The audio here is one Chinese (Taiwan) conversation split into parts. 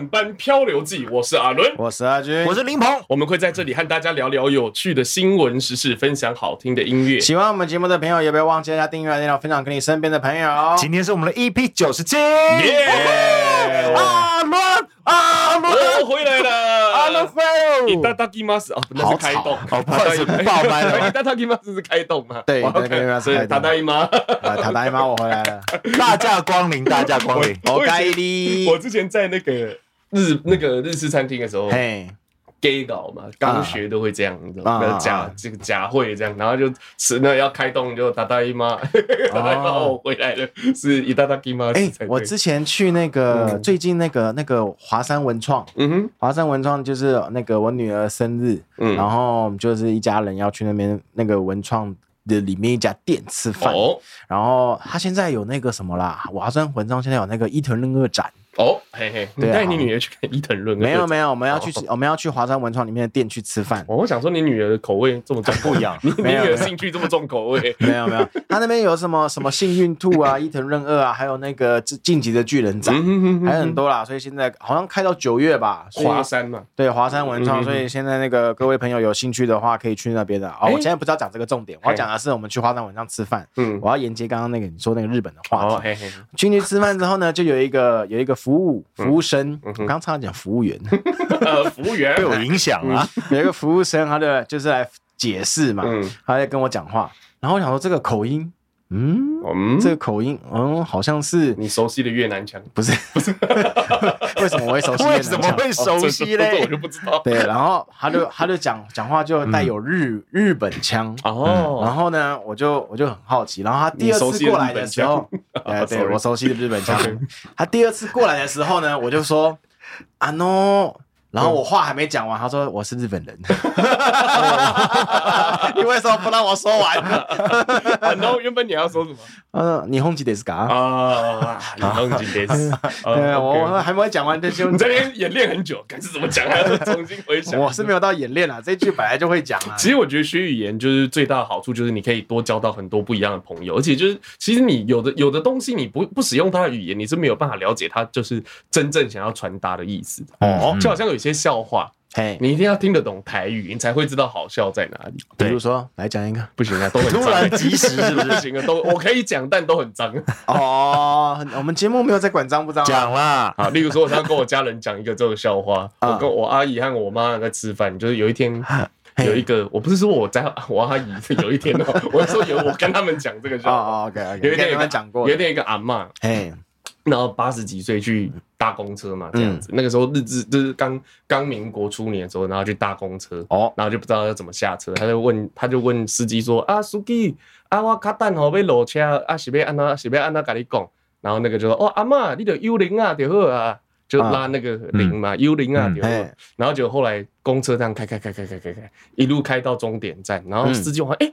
《班漂流記》，我是阿倫，我是阿軍，我是林鵬。我們會在這裡和大家聊聊有趣的新聞時事，分享好聽的音樂。喜歡我們節目的朋友，也不要忘記按下訂閱按鈕，分享給你身邊的朋友。今天是我們的 EP 九十七。阿、yeah! 倫、喔，阿、啊、倫，我、喔、回來了。阿、啊、倫，你大大姨媽是哦？那是開動，那是爆麥了。你大大姨媽只是開動嗎？對，大大姨媽是。大大姨媽，大大姨媽，我回來了。大駕光臨，大駕光臨。 我帶你、哦。我之前在那個。日那個日式餐廳的時候，嘿，gay 搞嘛，剛學都會這樣嗯、假這個、嗯、假會這樣，然後就吃那要開動就、嗯、打大姨媽，大姨媽回來了，哦、是一大大姨媽。哎、欸，我之前去那個、Okay. 最近那個那個華山文創，嗯哼，華山文創就是那個我女兒生日、嗯，然後就是一家人要去那邊那個文創的裡面一家店吃飯、哦，然後他現在有那個什麼啦，華山文創現在有那個伊藤潤二展。哦，嘿嘿，你帶你女兒去看伊藤潤二？沒有沒有，我們要去我們要去華山文創裡面的店去吃飯。哦。我想說你女兒的口味這麼重 不一樣， 你，沒有 你女兒興趣這麼重口味？沒有沒有，他、 啊、那邊有什麼什麼幸運兔啊、 伊藤潤二啊，還有那個進擊的巨人展、嗯。還有很多啦。所以現在好像開到九月吧。華、嗯、山嘛，對，華山文創、嗯，所以現在那個各位朋友有興趣的話，可以去那邊的啊、哦欸。我現在不知道講這個重點，我要講的是我們去華山文創吃飯。嗯，我要銜接剛剛那個你說那個日本的話題。哦嘿嘿，進去，去吃飯之後呢，就有一個有一個。服務服務生，嗯嗯、我剛剛差點講服務員，嗯 呃、服務員 被我影響了、啊嗯。有一個服務生他就來，他的就是來解釋嘛、嗯，他在跟我講話，然後我想說這個口音。嗯，嗯，這個口音，嗯，好像是你熟悉的越南腔，不是？不是？ 為什麼我會熟悉？為什麼會熟悉嘞？這我就不知道。對，然後他就他就講講話就帶有日、嗯、日本腔哦、嗯，然後呢，我就我就很好奇，然後他第二次過來的時候，對，對，對我熟悉的日本腔， 他第二次過來的時候呢，我就說，阿 諾。然後我話還沒講完，他說我是日本人。你 為什麼不讓我說完、 uh,？No，原本，你要說什麼？嗯、uh,，uh, uh, uh, uh, です uh, okay, 你 Honkies Deska 啊，你 Honkies Deska。我還沒講完，你這邊演練很久，該是怎麼講？還要重新回想。 我是沒有到演練啊，這句本來就會講啊。 其實我覺得學語言就是最大的好處，就是你可以多交到很多不一樣的朋友，而且就是其實你有的有的東西，你不不使用他的語言，你是沒有辦法了解他就是真正想要傳達的意思哦，就好像有。有些笑話，hey, 你一定要聽得懂台語，你才會知道好笑在哪裡。比如說，來講一個，不行啊，都很髒， 即使是,不,是 不行啊，都我可以講，但都很髒。哦、oh, 我們節目沒有在管髒不髒、啊。講啦、啊，啊，例如說，我要跟我家人講一個這個笑話。Uh, 我跟我,我阿姨和我媽在吃飯，就是有一天有一個，uh, hey, 我不是說我在，我阿姨有一天，uh, 我說有我跟他們講這個，笑話、oh, okay, okay, 有一天有講過，有一天一個阿嬤，然後八十幾歲去搭公車嘛，這樣子。嗯、那個時候日子就是剛剛民國初年的時候，然後去搭公車、哦，然後就不知道要怎麼下車。他就問，他就問司機說：“哦、啊，司機，啊我卡等號要落車，啊是要安娜，是要安娜跟你講。”然後那個就說：“哦，阿嬤，你着幽靈啊，就好啊，就拉那個鈴嘛，幽靈啊，對、嗯啊、好。嗯”然後就後來公車這樣開,開開開開開開開，一路開到終點站。然後司機就話、嗯：“誒。”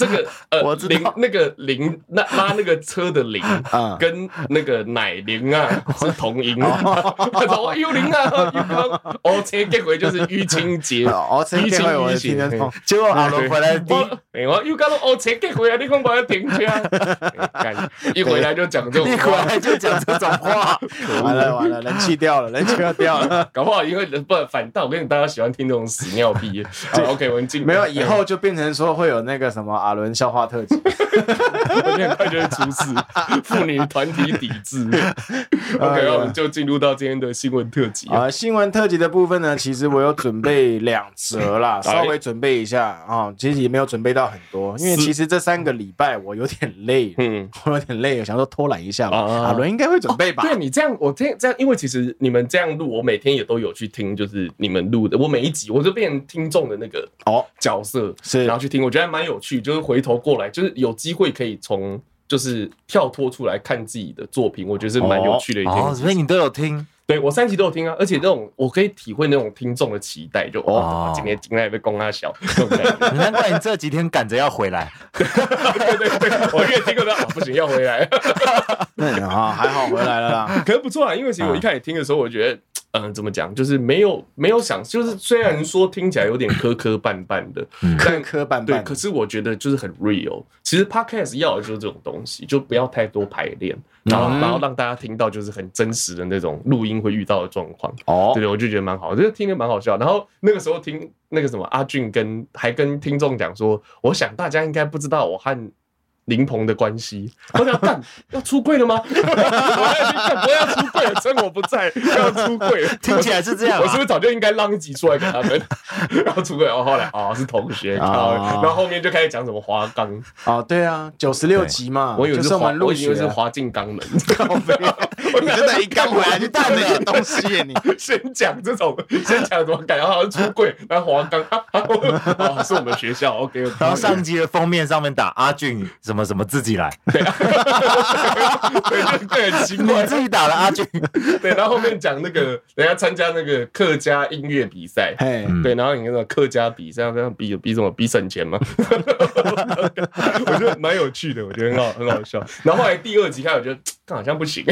這個呃，林那個林，那拉那個車的林啊，跟那個奶林啊是同音。我操，又、嗯、林啊！我車給回就是月經節，我車給回我就天天放。結果阿倫回來，我又講了，我車給回啊！你講我要停車，幹一回來就講這種，一回來就講這種話， 這種話，完了完了，人氣掉了，人氣要掉了，搞不好因為人不反倒我跟你大家喜歡聽這種屎尿屁。OK，文靜沒有，以後就變成說會有那個什麼啊。阿倫笑話特輯，很快就會出事。婦女團體抵制 okay、呃。OK，我們就進入到今天的新聞特輯啊、呃。新聞特輯的部分呢，其實我有準備兩則啦，稍微準備一下啊、嗯。其實也沒有準備到很多，因為其實這三個禮拜我有點累，嗯，我有點累，想說偷懶一下。阿、呃、倫應該會準備吧、哦？對，你這樣，我聽這樣，因為其實你們這樣錄，我每天也都有去聽，就是你們錄的，我每一集我就變聽眾的那個哦角色哦是，然後去聽，我覺得還蠻有趣，就是。回頭過來就是有機會可以從就是跳脫出來看自己的作品，我覺得是蠻有趣的一件事、哦哦、所以你都有聽？對我三集都有聽啊，而且那種我可以體會那種聽眾的期待，就哦，今天竟然也被公他笑。難怪你這幾天趕着要回來， 對對對，我越聽越要、哦，不行要回來。那 啊、 哦，還好回來了、啊， 可是不錯啊，因為其實我一開始聽的時候，哦、我覺得。嗯、呃，怎麼講？就是沒有沒有想，就是雖然說聽起來有點磕磕絆絆的，磕磕絆絆， 對， 可是我覺得就是很 real。其實 podcast 要的就是這種東西，就不要太多排練，然後然後讓大家聽到就是很真實的那種錄音會遇到的狀況。哦、嗯，對對，我就覺得蠻好，就是、聽着蠻好笑。然後那個時候聽那個什麼阿俊跟還跟聽眾講說，我想大家應該不知道我和林鵬的關係，我想幹要， 要出櫃了嗎？ 我要去幹麼要出櫃？趁我不在， 要出櫃， 聽起來是這樣、啊。我是不是早就應該讓一集出來給他們？ 然後出櫃，然後後來哦是同學、哦哦，然後後面就開始講什麼華岡啊，對啊，九十六集嘛，我以為是華、就是，我以為是華進肛門。 我覺得一剛回來就放那些東西，欸，你，你，欸、你先講這種，先講怎麼感覺好像出櫃然後黃岡啊，是我們的學校。OK，OK 然後上集的封面上面打阿俊什麼什麼自己來，對、啊、 對，你自己打了阿俊，對，然後後面講那個人家參加那個客家音樂比賽，hey. 對，然後你說客家比賽，然後比有比什麼比省錢嘛， 我覺得蠻有趣的，我覺得很好很好笑。然後後來第二集開始覺得好像不行。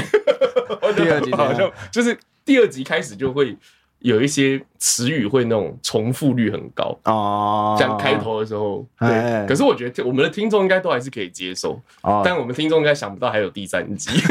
Oh no, 第二集好像就是第二集開始就會有一些詞語會那種重複率很高啊，oh, 像開頭的時候，對，hey. 可是我覺得我們的聽眾應該都還是可以接受，oh. 但我們聽眾應該想不到還有第三集。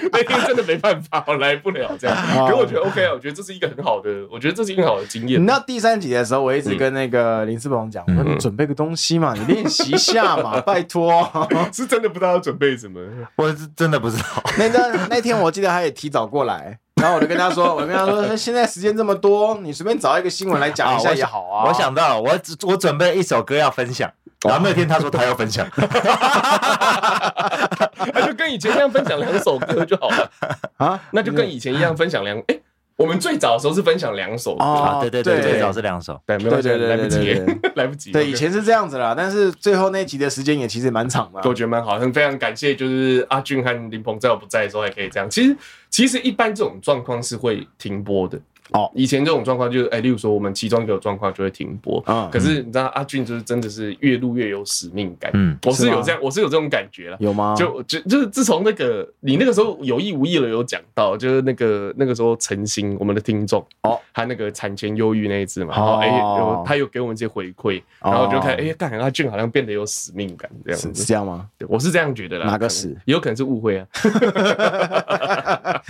那天真的沒辦法，我來不了這樣。Oh, 可是我覺得 OK 啊，我覺得這是一個很好的，我覺得這是一個好的經驗。你那第三集的時候，我一直跟那個林思鵬講，我說你準備個東西嘛，你練習一下嘛， 拜托。是真的不知道要準備什麼，我是真的不知道。那天、個、那天我記得他也提早過來，然後我就跟他說，我跟他說現在時間這麼多，你隨便找一個新聞來講一下也好啊。 好，我想，我想到，我只我準備一首歌要分享。然後那天他說他要分享，哈哈哈，他就跟以前那樣分享兩首歌就好了啊。那就跟以前一樣分享兩誒，我們最早的時候是分享兩首啊、哦，對對對，對，對，最早是兩首，對，對對沒有對對，對對對，來不，對對對對對對 來不及。對，以前是這樣子啦，但是最後那一集的時間也其實也蠻長嘛，我覺得蠻好，很非常感謝，就是阿俊和林鵬在我不在的時候還可以這樣。其實其實一般這種狀況是會停播的。哦，以前這種狀況就是，哎、欸，例如說我們其中一個狀況就會停播。啊、嗯，可是你知道阿俊就是真的是越錄越有使命感。嗯，我是有這樣，是我是有這種感覺了。有嗎？就就就是自從那個你那個時候有意無意的有講到，就是那個那個時候誠心我們的聽眾哦，他那個產前憂鬱那一次嘛，然後、哦欸、有，他有給我們一些回饋，然後就看哎、幹、哦欸、阿俊好像變得有使命感這樣子，是這樣嗎？對，我是這樣覺得啦。哪個是？可能，也有可能是誤會啊。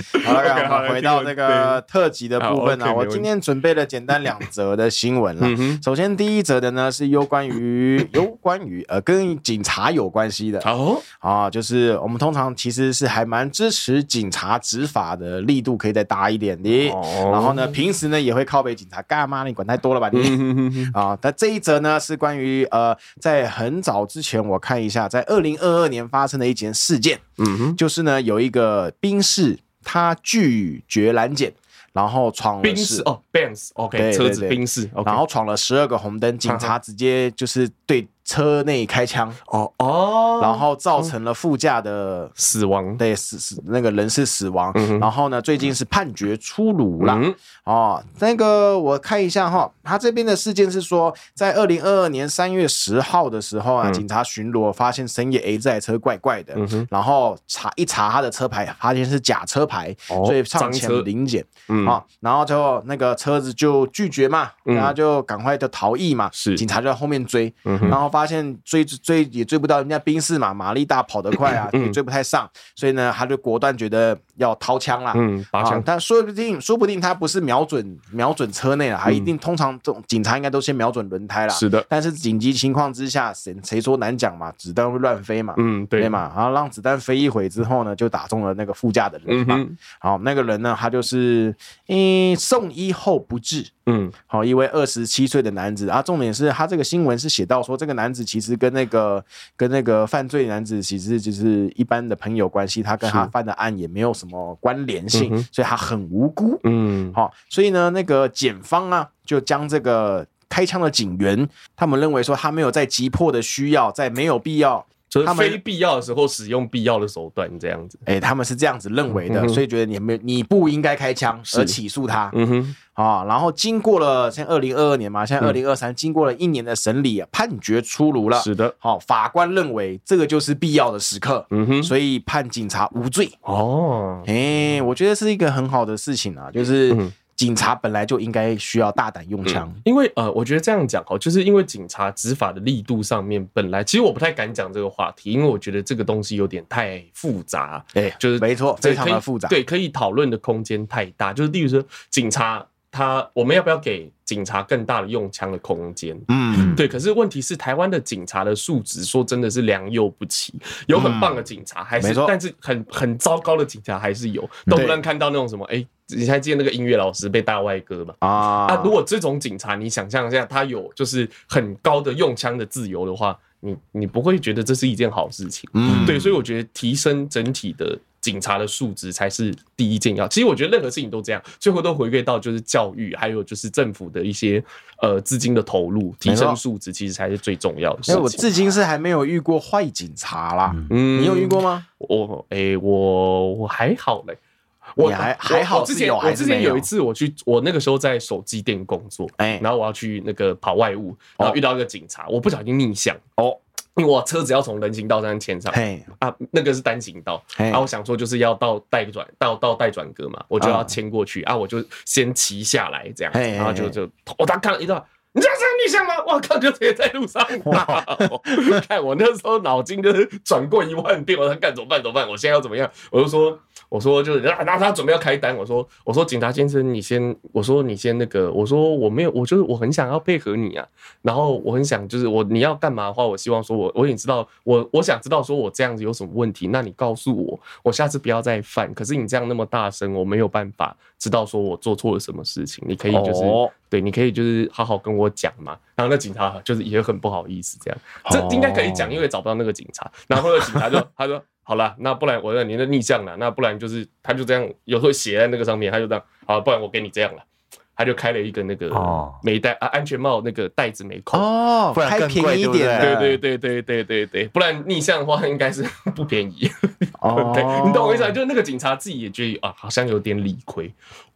好了，okay, okay, 回到那個特輯的部分。Okay, 我今天準備了簡單兩則的新聞了。首先，第一則的呢是有關於有關於呃跟警察有關係的哦啊，就是我們通常其實是還蠻支持警察執法的力度可以再大一點的。然後呢，平時呢也會靠北警察幹嘛？你管太多了吧你啊。但這一則呢是關於呃在很早之前，我看一下，在二零二二年發生的一件事件。嗯哼，就是呢有一個賓士他拒絕攔檢。然後闖了，哦，Benz，OK，車子，Benz，OK，然後闖了十二個紅燈，警察直接就是對。車內開槍哦哦，然後造成了副駕的、嗯、死亡，對死死那個人是死亡、嗯。然後呢，最近是判決出爐了、嗯。哦，那個我看一下哈，他這邊的事件是說，在二零二二年三月十號的時候啊，警察巡邏發現深夜欸、嗯欸、這台車怪怪的，嗯、然後查一查他的車牌，發現是假車牌，哦、所以上前臨檢啊，然後最後那個車子就拒絕嘛，然、嗯、後就趕快就逃逸嘛，嗯、是警察就在後面追，嗯、然後發。發現追追也追不到人家賓士嘛，馬力大跑得快啊，也追不太上，所以呢，他就果斷覺得。要掏槍了，嗯，拔槍、哦，但說不定，說不定他不是瞄準瞄準車內了，他、嗯、一定通常，警察應該都先瞄準輪胎了，是的。但是緊急情況之下，誰誰說難講嘛，子彈會亂飛嘛，嗯對，對嘛，然後讓子彈飛一回之後呢，就打中了那個副駕的人嘛、嗯。好，那個人呢，他就是，嗯，送醫後不治，嗯、好、哦，一位二十七歲的男子。啊，重點是他這個新聞是寫到說，這個男子其實跟那個跟那個犯罪男子其實就是一般的朋友關係，他跟他犯的案也沒有什麼。關聯性、嗯？所以他很無辜。嗯，好、哦，所以呢，那個檢方啊，就將這個開槍的警員，他們認為說他沒有在急迫的需要，在沒有必要。所以他非必要的時候使用必要的手段這樣子，哎、欸，他們是這樣子認為的，嗯、所以覺得你沒有，你不應該開槍而起訴他。嗯哼，啊、哦，然後經過了現在二零二二年嘛，現在二零二三，經過了一年的審理，判決出爐了。是的，好、哦，法官認為這個就是必要的時刻。嗯哼，所以判警察無罪。哦，哎、欸，我覺得是一個很好的事情啊，就是。嗯警察本來就應該需要大膽用槍，嗯，因為呃，我覺得這樣講哦，就是因為警察執法的力度上面，本來其實我不太敢講這個話題，因為我覺得這個東西有點太複雜。哎，就是沒錯，非常的複雜。對，可以討論的空間太大。就是例如說，警察他，我們要不要給警察更大的用槍的空間？嗯，對。可是問題是，台灣的警察的素質，說真的是良莠不齊，有很棒的警察，還是、嗯、但是很很糟糕的警察還是有，都不能看到那種什麼哎。你還記得那個音樂老師被大外哥嗎？啊、oh.，那如果這種警察，你想象一下，他有就是很高的用槍的自由的話，你你不會覺得這是一件好事情，嗯，對，所以我覺得提升整體的警察的素質才是第一件要。其實我覺得任何事情都這樣，最後都回歸到就是教育，還有就是政府的一些呃資金的投入，提升素質其實才是最重要的。因為我至今是還沒有遇過壞警察啦、mm.，你有遇過嗎？我，欸、我我還好嘞。我還還好還，之前我之前有一次我去，我那個時候在手機店工作、欸，然後我要去那個跑外務，然後遇到一個警察，哦、我不小心逆向哦，因為我車子要從人行道上牽上，啊，那個是單行道，然後、啊、我想說就是要到待轉到到待轉格嘛，我就要牽過去、嗯、啊，我就先騎下來這樣嘿嘿嘿，然後就就我他看了一段你這樣逆向嗎？我靠，就直接在路上打。 看我那時候腦筋就是轉過一萬遍，我說幹怎麼辦怎麼辦？我現在要怎麼樣？我就說我說就是那那他準備要開單，我說我說警察先生，你先我說你先那個我說我沒有，我就是我很想要配合你啊。然後我很想就是我你要幹嘛的話，我希望說我我已經知道我我想知道說我這樣子有什麼問題，那你告訴我，我下次不要再犯。可是你這樣那麼大聲，我沒有辦法知道說我做錯了什麼事情。你可以就是。哦對，你可以就是好好跟我講嘛。然後那警察就是也很不好意思這樣，這應該可以講，因為找不到那個警察。然後呢，警察就他說好了，那不然我讓你的逆向了。那不然就是他就這樣，有時候寫在那個上面，他就這樣好。不然我給你這樣了。他就開了一個那個沒戴、oh. 啊安全帽那個袋子沒扣哦，還、oh, 便宜一點，對對對對對對對，不然逆向的話應該是不便宜哦。Oh. 你懂我意思啊？就是那個警察自己也覺得啊，好像有點理虧。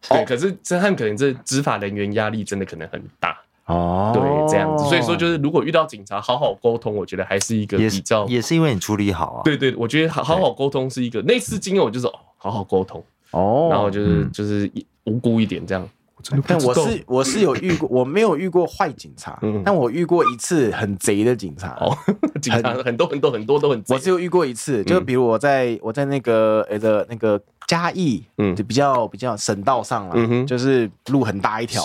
Oh. 對，可是真漢可能這執法人員壓力真的可能很大哦。Oh. 對，這樣子，所以說就是如果遇到警察好好溝通，我覺得還是一個比較也是，也是因為你處理好。啊。對，對對，我覺得好好溝通是一個。Okay. 那次經驗我就是好好溝通哦，oh. 然後就是、嗯、就是無辜一點這樣。但我是我是有遇過， 我沒有遇過壞警察，但我遇過一次很賊的警察、 嗯 ，警察，很多很多很多都很賊。 我是有遇過一次，就比如我在我在那個哎的那個。嘉義，嗯，比較比較省道上了，嗯，就是路很大一條，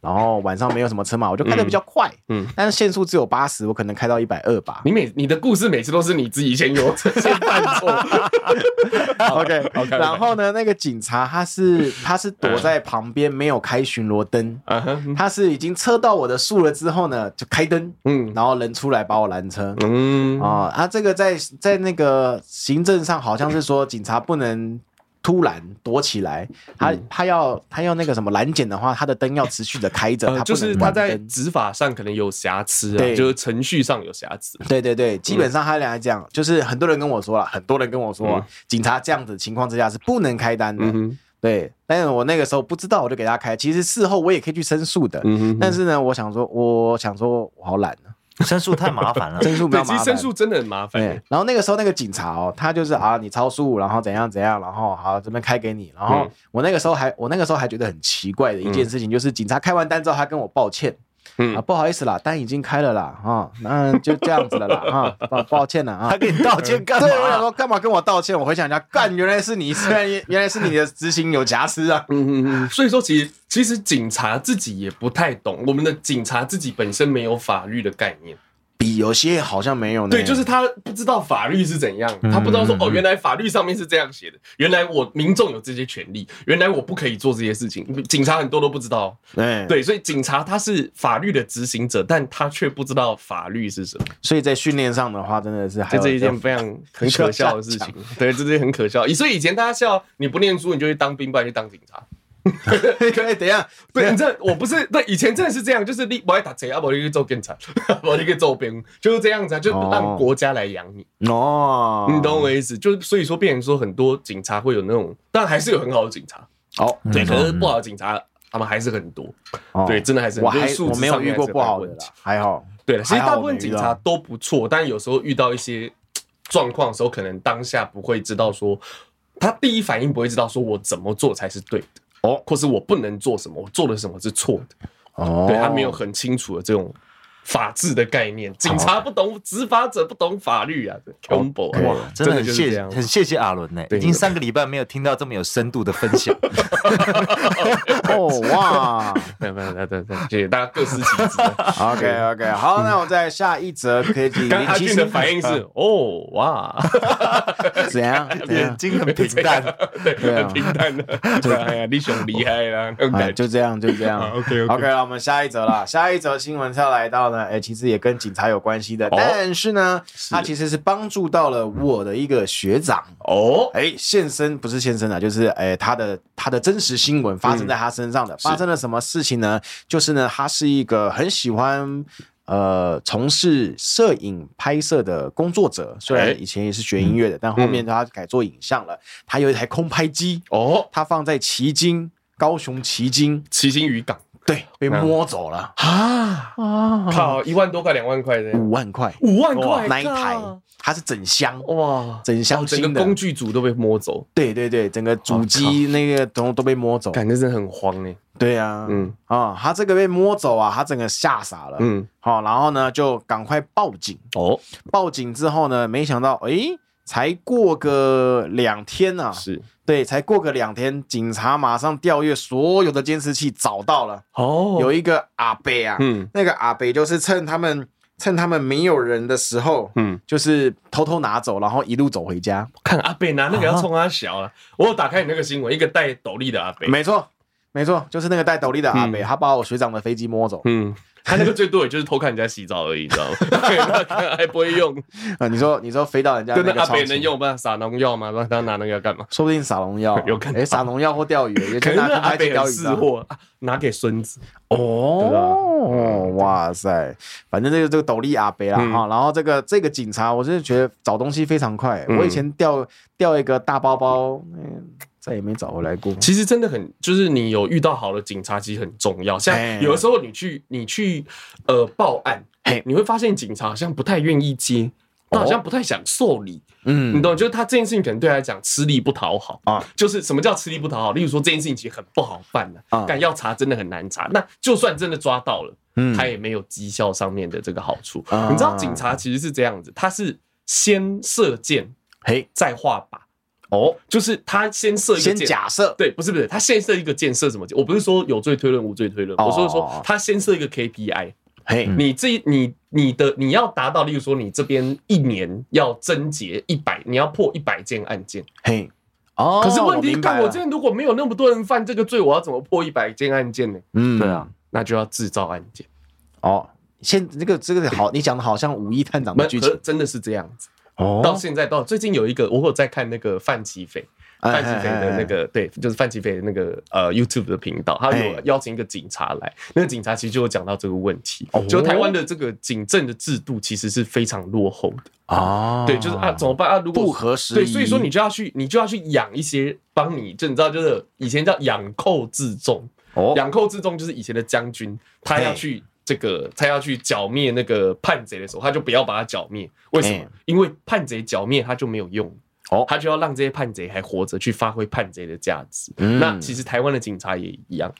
然後晚上沒有什麼車嘛，我就開得比較快，嗯，嗯，但是限速只有八十，我可能開到一百二吧。你每你的故事每次都是你自己先有 先犯伴錯奏 ，OK OK。然後呢，okay. 那個警察他是他是躲在旁邊沒有開巡邏燈，嗯、他是已經測到我的速了之後呢就開燈，嗯，然後人出來把我攔車，嗯啊，啊、呃、這個在在那個行政上好像是說警察不能。突然躲起來，他、嗯、他要他要那個什麼攔檢的話，他的燈要持續的開着、嗯呃，就是他在執法上可能有瑕疵。、啊，對，就是程序上有瑕疵。對對對，基本上他倆是這樣、嗯，就是很多人跟我說了，很多人跟我說、啊嗯，警察這樣子情況之下是不能開單的、嗯。對，但是我那個時候不知道，我就給他開。其實事後我也可以去申訴的、嗯，但是呢，我想說，我想說我好懶、啊。申訴太麻煩了， 申訴比較麻煩。對，其實申訴真的很麻煩。然後那個時候那個警察哦、喔，他就是啊，你超速，然後怎樣怎樣，然後好這邊開給你。然後我那個時候還我那個時候還覺得很奇怪的一件事情，嗯、就是警察開完單之後，他跟我抱歉，嗯、啊不好意思啦，單已經開了啦，啊、哦、那、嗯、就這樣子了啦， 啊抱抱歉了啊，啊，他給你道歉幹、啊？嘛 我想說幹嘛跟我道歉？我回想一下，幹原來是你原來是你的執行有瑕疵啊， 嗯所以說其實。其實警察自己也不太懂，我們的警察自己本身沒有法律的概念，比有些好像沒有呢。對，就是他不知道法律是怎樣，嗯、他不知道說哦，原來法律上面是這樣寫的，原來我民眾有這些權利，原來我不可以做這些事情。警察很多都不知道，欸、對，所以警察他是法律的執行者，但他卻不知道法律是什麼。所以在訓練上的話，真的是還有就這一件非常、嗯、很可笑的事情。對，這是很可笑，所以以前大家笑你不念書，你就去當兵，不然去當警察。可 以等，等一下，對，這 我不是對以前真的是這樣，就是你不愛打賊啊，我就去做警察，我就可以做兵，就是這樣子，啊，oh. 就讓國家來養你。哦，oh. 嗯，你懂我意思？就所以說，變成說很多警察會有那種，但還是有很好的警察。哦，oh，對，可是不好的警察，嗯、他們還是很多。Oh. 對，真的還是很多我還我沒有遇過不好的啦，還好。對了，其實大部分警察都不錯，但有時候遇到一些狀況的時候，可能當下不會知道說，他第一反應不會知道說，知道說我怎麼做才是對的。哦，或是我不能做什麼，我做的什麼是錯的，哦。對他沒有很清楚的這種。法治的概念，警察不懂，執、oh, okay. 法者不懂法律啊。這、okay. Combo，哇，真的很謝，謝、就是，很謝謝阿倫呢，已經三個禮拜沒有聽到這麼有深度的分享。哦哇，沒有沒有沒有沒有，謝謝大家各司其職。 OK OK，好，嗯、那我在下一則，可以。剛你他其的反應是， 哦哇 怎，怎樣？眼睛很平淡， 對，對，很平淡的。對 啊，你兄厲害啦、 啊。OK，就這樣就這樣。這樣 oh, OK OK，, okay 我們下一則啦，下一則新聞要來到。那、欸、哎，其實也跟警察有關係的，但是呢，哦、是他其實是幫助到了我的一個學長哦。哎、欸，現身不是現身了，啊，就是哎、欸，他的他的真實新聞發生在他身上的，嗯，發生了什麼事情呢？就是呢，他是一個很喜歡呃從事攝影拍攝的工作者，雖然以、欸、以前也是學音樂的，嗯，但後面他改做影像了。他有一台空拍機哦、嗯，他放在旗津，高雄旗津，旗津漁港。對，被摸走了啊！啊，靠，一萬多塊、兩萬塊的，五萬塊，五萬塊，那一台，它是整箱哇，整箱、哦，整個工具組都被摸走。對對對，整個主機那個都被、哦、都被摸走，感覺真的很慌哎。對呀、啊，嗯啊，他這個被摸走啊，他整個嚇傻了，嗯，好，然後呢就趕快報警哦。報警之後呢，沒想到，哎，才過個兩天吶、啊，是。對，才過個兩天，警察馬上調閱所有的監視器，找到了。哦、oh.，有一個阿北啊，嗯，那個阿北就是趁他們趁他們沒有人的時候，嗯，就是偷偷拿走，然後一路走回家。我看阿北拿那個要沖他小了、啊。Oh. 我有打開你那個新聞，一個戴斗笠的阿北，沒錯。沒錯，就是那個戴斗笠的阿北，嗯，他把我學長的飛機摸走。嗯，他那個最多也就是偷看人家洗澡而已，你知道嗎？ 對他還不會用啊，嗯。你說，你說飛到人家那個阿北能用嗎？撒農藥嗎？不然他拿那個要幹嘛？說不定撒農藥，有可能、啊、欸、撒農藥或釣魚，魚，可能是阿北釣魚，拿給孫子哦，啊。哦，哇塞！反正這個這個斗笠阿北啦啊，嗯，然後這個這個警察，我真的覺得找東西非常快，嗯。我以前掉掉一個大包包。欸再也沒找回來過。其實真的很，就是你有遇到好的警察其實很重要。像有的時候你去你去呃報案嘿，你會發現警察好像不太願意接，哦、好像不太想受理。嗯，你懂？就是他這件事情可能對他來講吃力不討好啊。就是什麼叫吃力不討好？例如說，這件事情其實很不好辦的、啊，但、啊、要查真的很難查。那就算真的抓到了，嗯，他也沒有績效上面的這個好處、嗯。你知道警察其實是這樣子，他是先射箭，嘿，再畫靶。哦、oh，就是他先設一個建假設，對，不是不是，他先設一個建設，什麼我不是說有罪推論、無罪推論，oh. 我是說，說他先設一個 KPI，嘿，hey，你這你你的你要達到，例如說你這邊一年要偵結一百，你要破一百件案件，嘿，哦，可是問題在我這邊如果沒有那麼多人犯這個罪，我要怎麼破一百件案件呢？嗯，oh，對啊，那就要製造案件，哦，oh，現這個這個好，hey. 你講的好像五億探長的劇情，真的是這樣子。哦、到現在到最近有一個，我有在看那個范琪斐、哎哎哎，范琪斐的那個哎哎哎對，就是范琪斐的那個呃 YouTube 的頻道，他有邀請一個警察來，哎、那個警察其實就有講到這個問題，哦、就台灣的這個警政的制度其實是非常落後的啊、哦，對，就是啊怎麼辦啊如果？不合時宜對，所以說你就要去，你就要去養一些，幫你，就你知道，就是以前叫養寇自重，養、哦、寇自重就是以前的將軍，他要去。這個他要去剿滅那個叛賊的時候，他就不要把他剿滅，為什麼？因為叛賊剿滅他就沒有用，哦，他就要讓這些叛賊還活着去發揮叛賊的價值。那其實台灣的警察也一樣，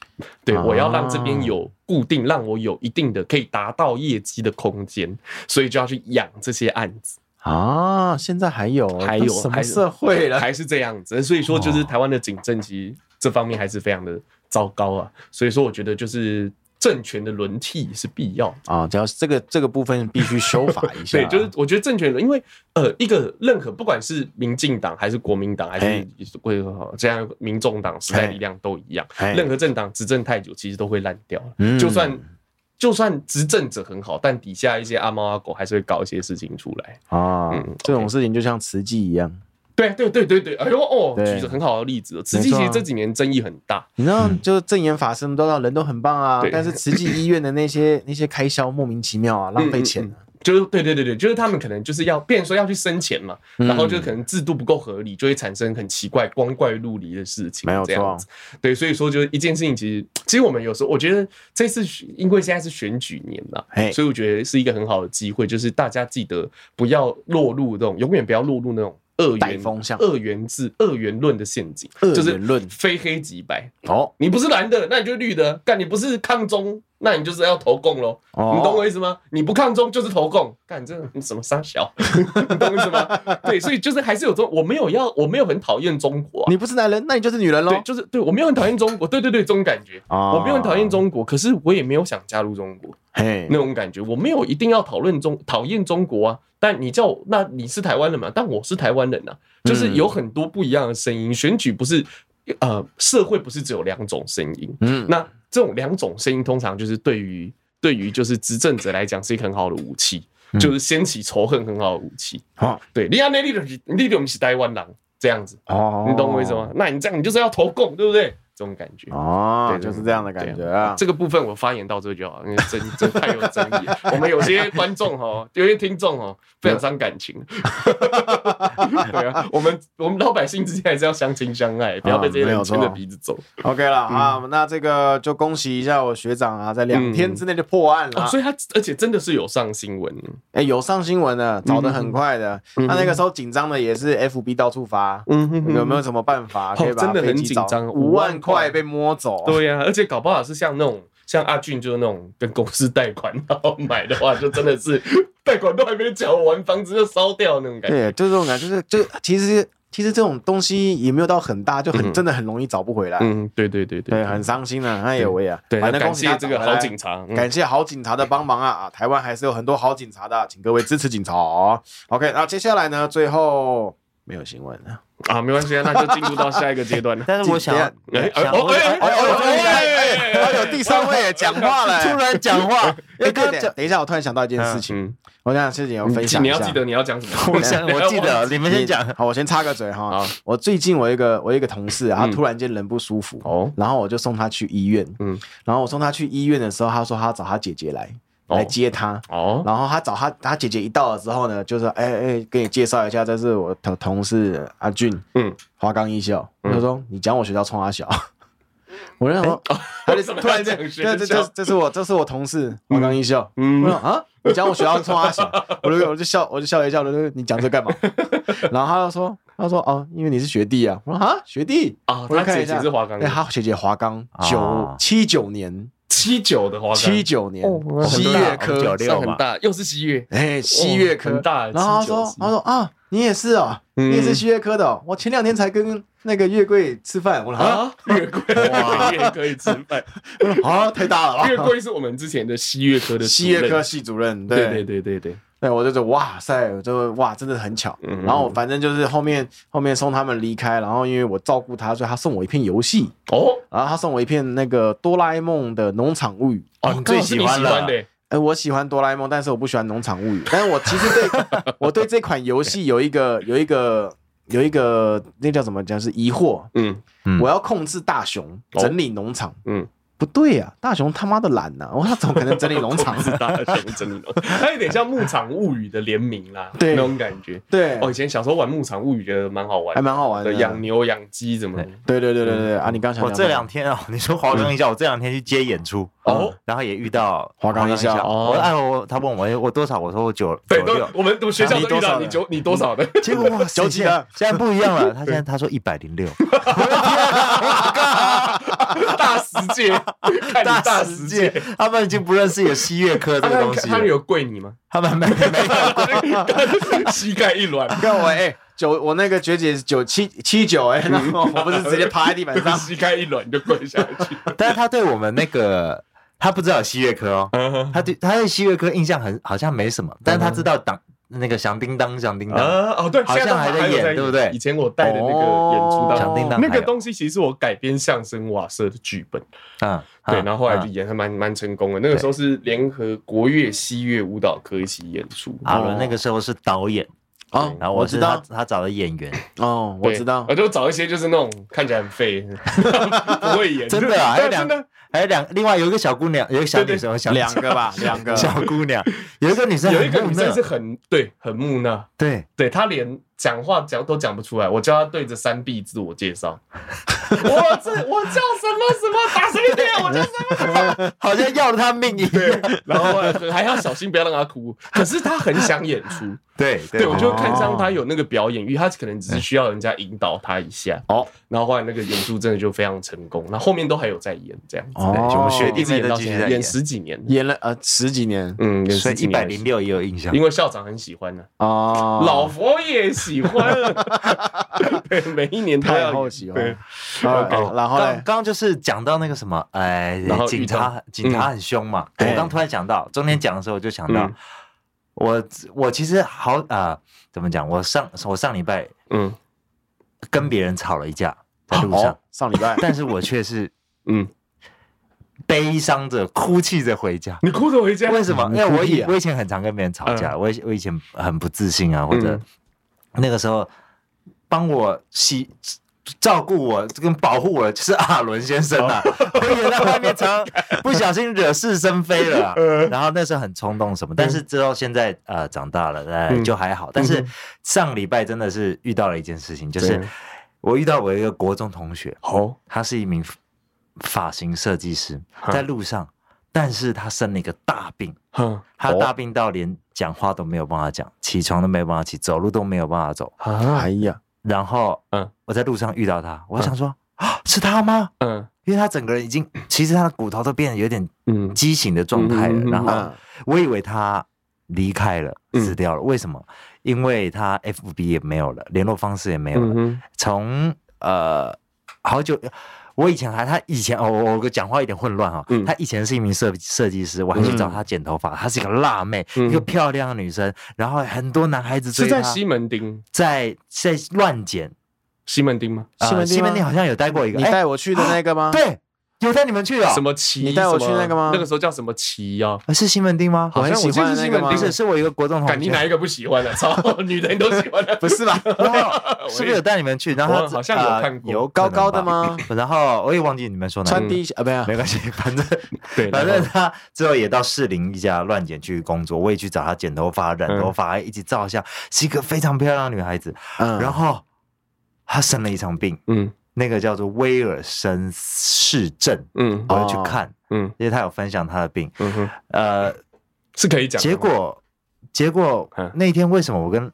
對，我要讓這邊有固定，讓我有一定的可以達到業績的空間，所以就要去養這些案子啊。現在還有，還有，還社會了，還是這樣子。所以說，就是台灣的警政其實這方面還是非常的糟糕啊。所以說，我覺得就是。政權的輪替是必要啊、哦，要是這個這個部分必須修法一下、啊。 對，就是我覺得政權的，因為呃，一個任何不管是民進黨還是國民黨還是好，這樣，在民眾黨時代力量都一樣，任何政黨執政太久，其實都會爛掉、嗯、就算就算執政者很好，但底下一些阿貓阿狗還是會搞一些事情出來啊、哦嗯 okay。這種事情就像慈濟一樣。對對對對對，哎呦哦，舉個很好的例子，慈濟其實這幾年爭議很大。啊嗯、你知道，就是證嚴法師都知道人都很棒啊，但是慈濟醫院的那些那些開銷莫名其妙啊，嗯、浪費錢。就是對對對對，就是他們可能就是要，變說要去生錢嘛，然後就可能制度不夠合理、嗯，就會產生很奇怪光怪陸離的事情這樣子。沒有錯、啊，對，所以說就是一件事情，其實其實我們有時候我覺得這次因為現在是選舉年了，所以我覺得是一個很好的機會，就是大家記得不要落入這種，永遠不要落入那種。二元二元制，二元論的陷阱。二元論，就是，非黑即白。哦，你不是藍的，那你就綠的。幹！你不是抗中，那你就是要投共嘍，oh. 你懂我意思嗎？你不抗中就是投共，幹你這什麼傻小， 你懂我意思嗎？ 對，所以就是還是有這種，我沒有要，我沒有很討厭中國、啊。你不是男人，那你就是女人嘍。對，就是對我沒有很討厭中國，對對對，這種感覺，oh. 我沒有很討厭中國，可是我也沒有想加入中國，hey. 那種感覺，我沒有一定要討論中討厭中國啊。但你叫那你是台灣人嗎？但我是台灣人吶、啊，就是有很多不一樣的聲音。Mm. 選舉不是，呃，社會不是只有兩種聲音。嗯、mm.，那。這種兩種聲音，通常就是對於對於就是執政者來講，是一個很好的武器、嗯，就是掀起仇恨很好的武器啊。對，你這樣，你，你就不是台灣人這樣子、哦，你懂我意思嗎？那你這樣，你就是要投共，對不對？這種感覺哦。對，就是這樣的感覺啊。這個部分我發言到這就好，因為真真太有爭議。 我們有些觀眾哦，有些聽眾哦，非常傷感情。 對啊，我們我們老百姓之間還是要相親相愛、哦，不要被這些人牽着鼻子走。OK 了啊，嗯，那這個就恭喜一下我學長啊，在兩天之內就破案了，啊嗯哦。所以他而且真的是有上新聞，啊，哎，欸，有上新聞的，找的很快的。他、嗯、那，那個時候緊張的也是 FB 到處發，有、嗯那個、沒有什麼辦法、嗯、哼哼可以把飛機找？真的很緊張，五萬塊。話被摸走，對呀、啊，而且搞不好是像那種，像阿俊就是那種跟公司貸款然後買的話，就真的是貸款都還沒繳完，房子就燒掉那種感覺。對，就是這種感覺，就是就其實其實這種東西也沒有到很大，就很、嗯、真的很容易找不回來。嗯，嗯對對對對、啊、對對對，很傷心啊，哎呀，我也、啊。對，那恭喜這個好警察、嗯，感謝好警察的幫忙啊！啊，台灣還是有很多好警察的，請各位支持警察。 OK，那接下來呢？最後。沒有新聞了啊文太音，沒，啊啊沒關係啊，那就進入到下一個階段了。但是我想，我我我我有第三位講話了，突然講話。哎，哎，哎，哎，哎，哎，哎，哎，哎，等一下，等一下，我突然想到一件事情，我想謝謝你，要分享你要記得你要講什麼？我想， 我記得、哦，你們先講。好，我先插個嘴哈。 我最近我一個我一個同事，然後突然間人不舒服，oh. 然後我就送他去醫院。嗯，resurrection 然後我送他去醫院的時候，他說他要找他姐姐來。來接他，哦，然後他找他他姐姐一到了之後呢，就是哎哎，給、欸欸、你介紹一下，這是我同同事阿俊，嗯，華岡藝校。他、嗯、說你講我學校衝阿小， 我然後、欸哦、他就突然講、啊、學校，這這這這是我這是我同事、嗯、華岡藝校。嗯，我說啊，你講我學校衝阿小，我就我就笑我就笑了一笑的，你講這幹嘛？ 然後他就說他就說哦，因為你是學弟啊，我說啊學弟啊、哦，他姐我是看一下，欸、他姐姐華岡、哦、九七九年。七九的79，話七九年，西岳科，很大，哦，又是西岳，哎，欸，西岳科，哦，大。然後他說，他說啊，你也是哦，喔嗯，你也是西岳科的，喔。我前兩天才跟那個月桂吃飯，我跟月桂，月桂也可以吃飯 啊，太大了。月桂是我們之前的西岳科的西岳科系主任，對對對對對。對，我就覺得哇塞，我就哇，真的很巧。然後我反正就是後面後面送他們離開，然後因為我照顧他，所以他送我一片遊戲哦，然後他送我一片那個哆啦 A 夢的農場物語哦，你、嗯、最喜歡了、呃。我喜歡哆啦 A 夢，但是我不喜歡農場物語。但是我其實對 我對這款遊戲有一個有一個有一個，有一個那叫什麼講是疑惑。嗯嗯，我要控制大熊、哦、整理農場，嗯。不對呀、啊，大雄他媽的懶啊。我他怎麼可能整理農場？ 是大雄整理農場，他有點像《牧場物語》的聯名啦，對那種感覺。對，我、哦、以前小時候玩《牧場物語》覺得蠻好玩，還蠻好玩的，養牛、養雞，怎麼，對對對對對，對，對，對，對，對，對啊，啊，啊！你剛想我這兩天啊，你說華岡一下，我這兩天去接演出哦、嗯嗯，然後也遇到華岡一下，一下哦。我哎我，我他問我我多少？我說我九對都我們我學校都遇到多少？你九你多少的？結果哇九幾了？現在不一樣了，他現在他說一百零六。 大世界，界，大世界，他們已經不認識有西月科這個東西 他。他們有跪你嗎？他們沒，沒，沒 跟膝蓋一軟 跟。你看我哎，九，我那個學姐是九七七九哎，然後我不是直接趴在地板上， 膝蓋一軟就跪下去。 但他對我們那個，他不知道有西月科哦，uh -huh. 他對他對西月科印象很好像沒什麼，但是他知道黨。Uh -huh. 那個響叮噹，響叮噹。哦，對，好像還在演，對不對？以前我帶的那個演出當中、哦，那個東西其實是我改編相聲瓦舍的劇本啊、哦。對，然後後來就演，還蠻蠻成功的。那個時候是聯合國樂、西樂舞蹈科一起演出。阿倫、哦、那個時候是導演。然後哦，我知道他找的演員哦，我知道，我就找一些就是那種看起來很廢， 不會演，真的啊，還有兩個，還有兩，另外有一個小姑娘，有一個小女，對對小女生，兩個吧，兩個小姑娘， 有一個女生，有一個女生是很，對，很木訥，對，對她連講話講都講不出來，我叫她對着三壁自我介紹， 我這我叫什麼什麼打誰電，我叫什麼什麼，啊、什麼麼 好像要了她命一樣，然後還要小心不要讓她哭， 可是她很想演出。對對，對，我就看上他有那個表演，因為他可能只是需要人家引導他一下。哦，然後後來那個演出真的就非常成功，那後，後面都還有在演這樣子，哦、對我們學一直演到現在演十幾年，演了呃十幾、嗯、演十幾年，嗯，所以一百零六也有印象，因為校長很喜歡呢、啊。哦，老佛爺也喜歡了。對， 每一年都要他很好喜歡對、哦。OK，然後剛剛就是講到那個什麼，哎、呃，警察警察很兇嘛。嗯、我剛，剛突然想到，嗯、中間講的時候我就想到。嗯我我其實好啊、呃，怎麼講？我上我上禮拜嗯，跟別人吵了一架在路上，上禮拜，但是我卻是嗯，悲傷着、哭泣着回家。你哭着回家，嗯？為什麼？嗯、因為我以我以前很常跟別人吵架，嗯、我以我以前很不自信啊，或者那個時候幫我洗。照顧我跟保護我，就是阿倫先生啊、oh。 我也在外面常不小心惹是生非了、啊。然後那時候很衝動什麼，但是直到現在呃長大了，就還好。但是上禮拜真的是遇到了一件事情，就是我遇到我一個國中同學，他是一名髮型設計師，在路上，但是他生了一個大病，他大病到連講話都沒有辦法講，起床都沒有辦法起，走路都沒有辦法走。哎呀！然後，嗯，我在路上遇到他，嗯、我想說、嗯，啊，是他嗎？嗯，因為他整個人已經，其實他的骨頭都變得有點，嗯，畸形的狀態了。嗯、然後，我以為他離開了、嗯，死掉了。為什麼？因為他 FB 也沒有了，聯絡方式也沒有了。嗯、從呃，好久。我以前還他以前哦，我我講話有點混亂哦、嗯。他以前是一名設設計師，我還去找他剪頭髮，她、嗯、是一個辣妹、嗯，一個漂亮的女生，然後很多男孩子追她。是在西門町，在在亂剪西、呃。西門町嗎？西門西門町好像有待過一個，你帶我去的那個嗎？欸啊、對。有帶你們去啊？什麼旗？你帶我去那個嗎？那個時候叫什麼旗啊？是西門町嗎？好像我是西門町不是，是我一個國中同學。你哪一個不喜歡的？超， 女人都喜歡的， 不是吧？ 是不是有帶你們去？然後好像有看過、呃，有高高的嗎？ 然後我也忘記你們說哪、嗯。穿低啊，沒有，沒關係，反正對反正他最後也到士林一家亂剪去工作。我也去找他剪頭髮、嗯、染頭髮，一起照相，是一個非常漂亮的女孩子。嗯、然後她生了一場病。嗯。那個叫做威爾森市鎮，嗯，我要去看，嗯、哦，因為他有分享他的病，嗯哼，呃，是可以講的。結果，結果那天為什麼我跟？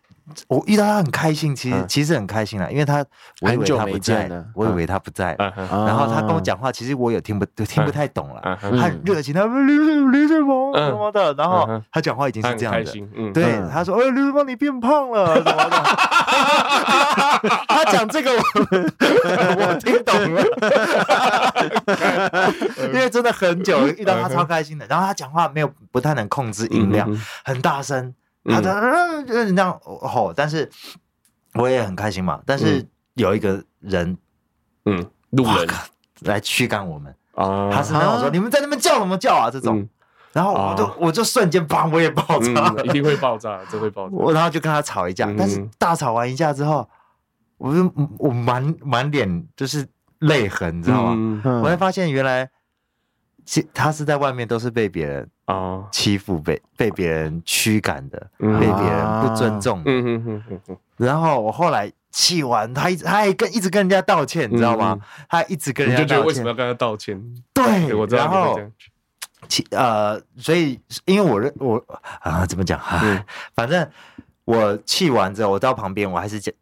我遇到他很開心，其實、嗯、其實很開心了，因為他以為他不在，我以為他不在、嗯，然後他跟我講話，其實我也聽不、嗯、聽不太懂了，很、嗯、熱情，他劉劉世龍什麼的，然後他講話已經是這樣的，嗯、對、嗯，他說：“哎，劉世龍你變胖了什麼的。 ” 他講這個我 我聽懂了， 因為真的很久遇到他超開心的，嗯、然後他講話沒有不太能控制音量，嗯、哼哼很大聲。他、啊、嗯，就這樣吼，但是我也很開心嘛、嗯。但是有一個人，嗯，路人來驅趕我們啊。他是然後我說、啊：“你們在那邊叫什麼叫啊？”這種，嗯、然後我就，、啊、我，就我就瞬間砰，我也爆炸了，嗯、 一定會爆炸，這會爆炸。我然後就跟他吵一架，但是大吵完一架之後，嗯、我就我滿滿臉就是淚痕，你知道嗎？嗯、我才發現原來。他是在外面都是被別人啊欺負，哦，被被別人驅趕的，嗯啊、被別人不尊重的。嗯嗯嗯嗯嗯。然後我後來氣完，他一直他還跟一直跟人家道歉，你知道嗎？嗯嗯他一直跟人家道歉。就覺得為什麼要跟他道歉？對，對我知道這樣。然後氣呃，所以因為我認我啊怎麼講、 嗯？反正我氣完之後，我到旁邊，我還是講，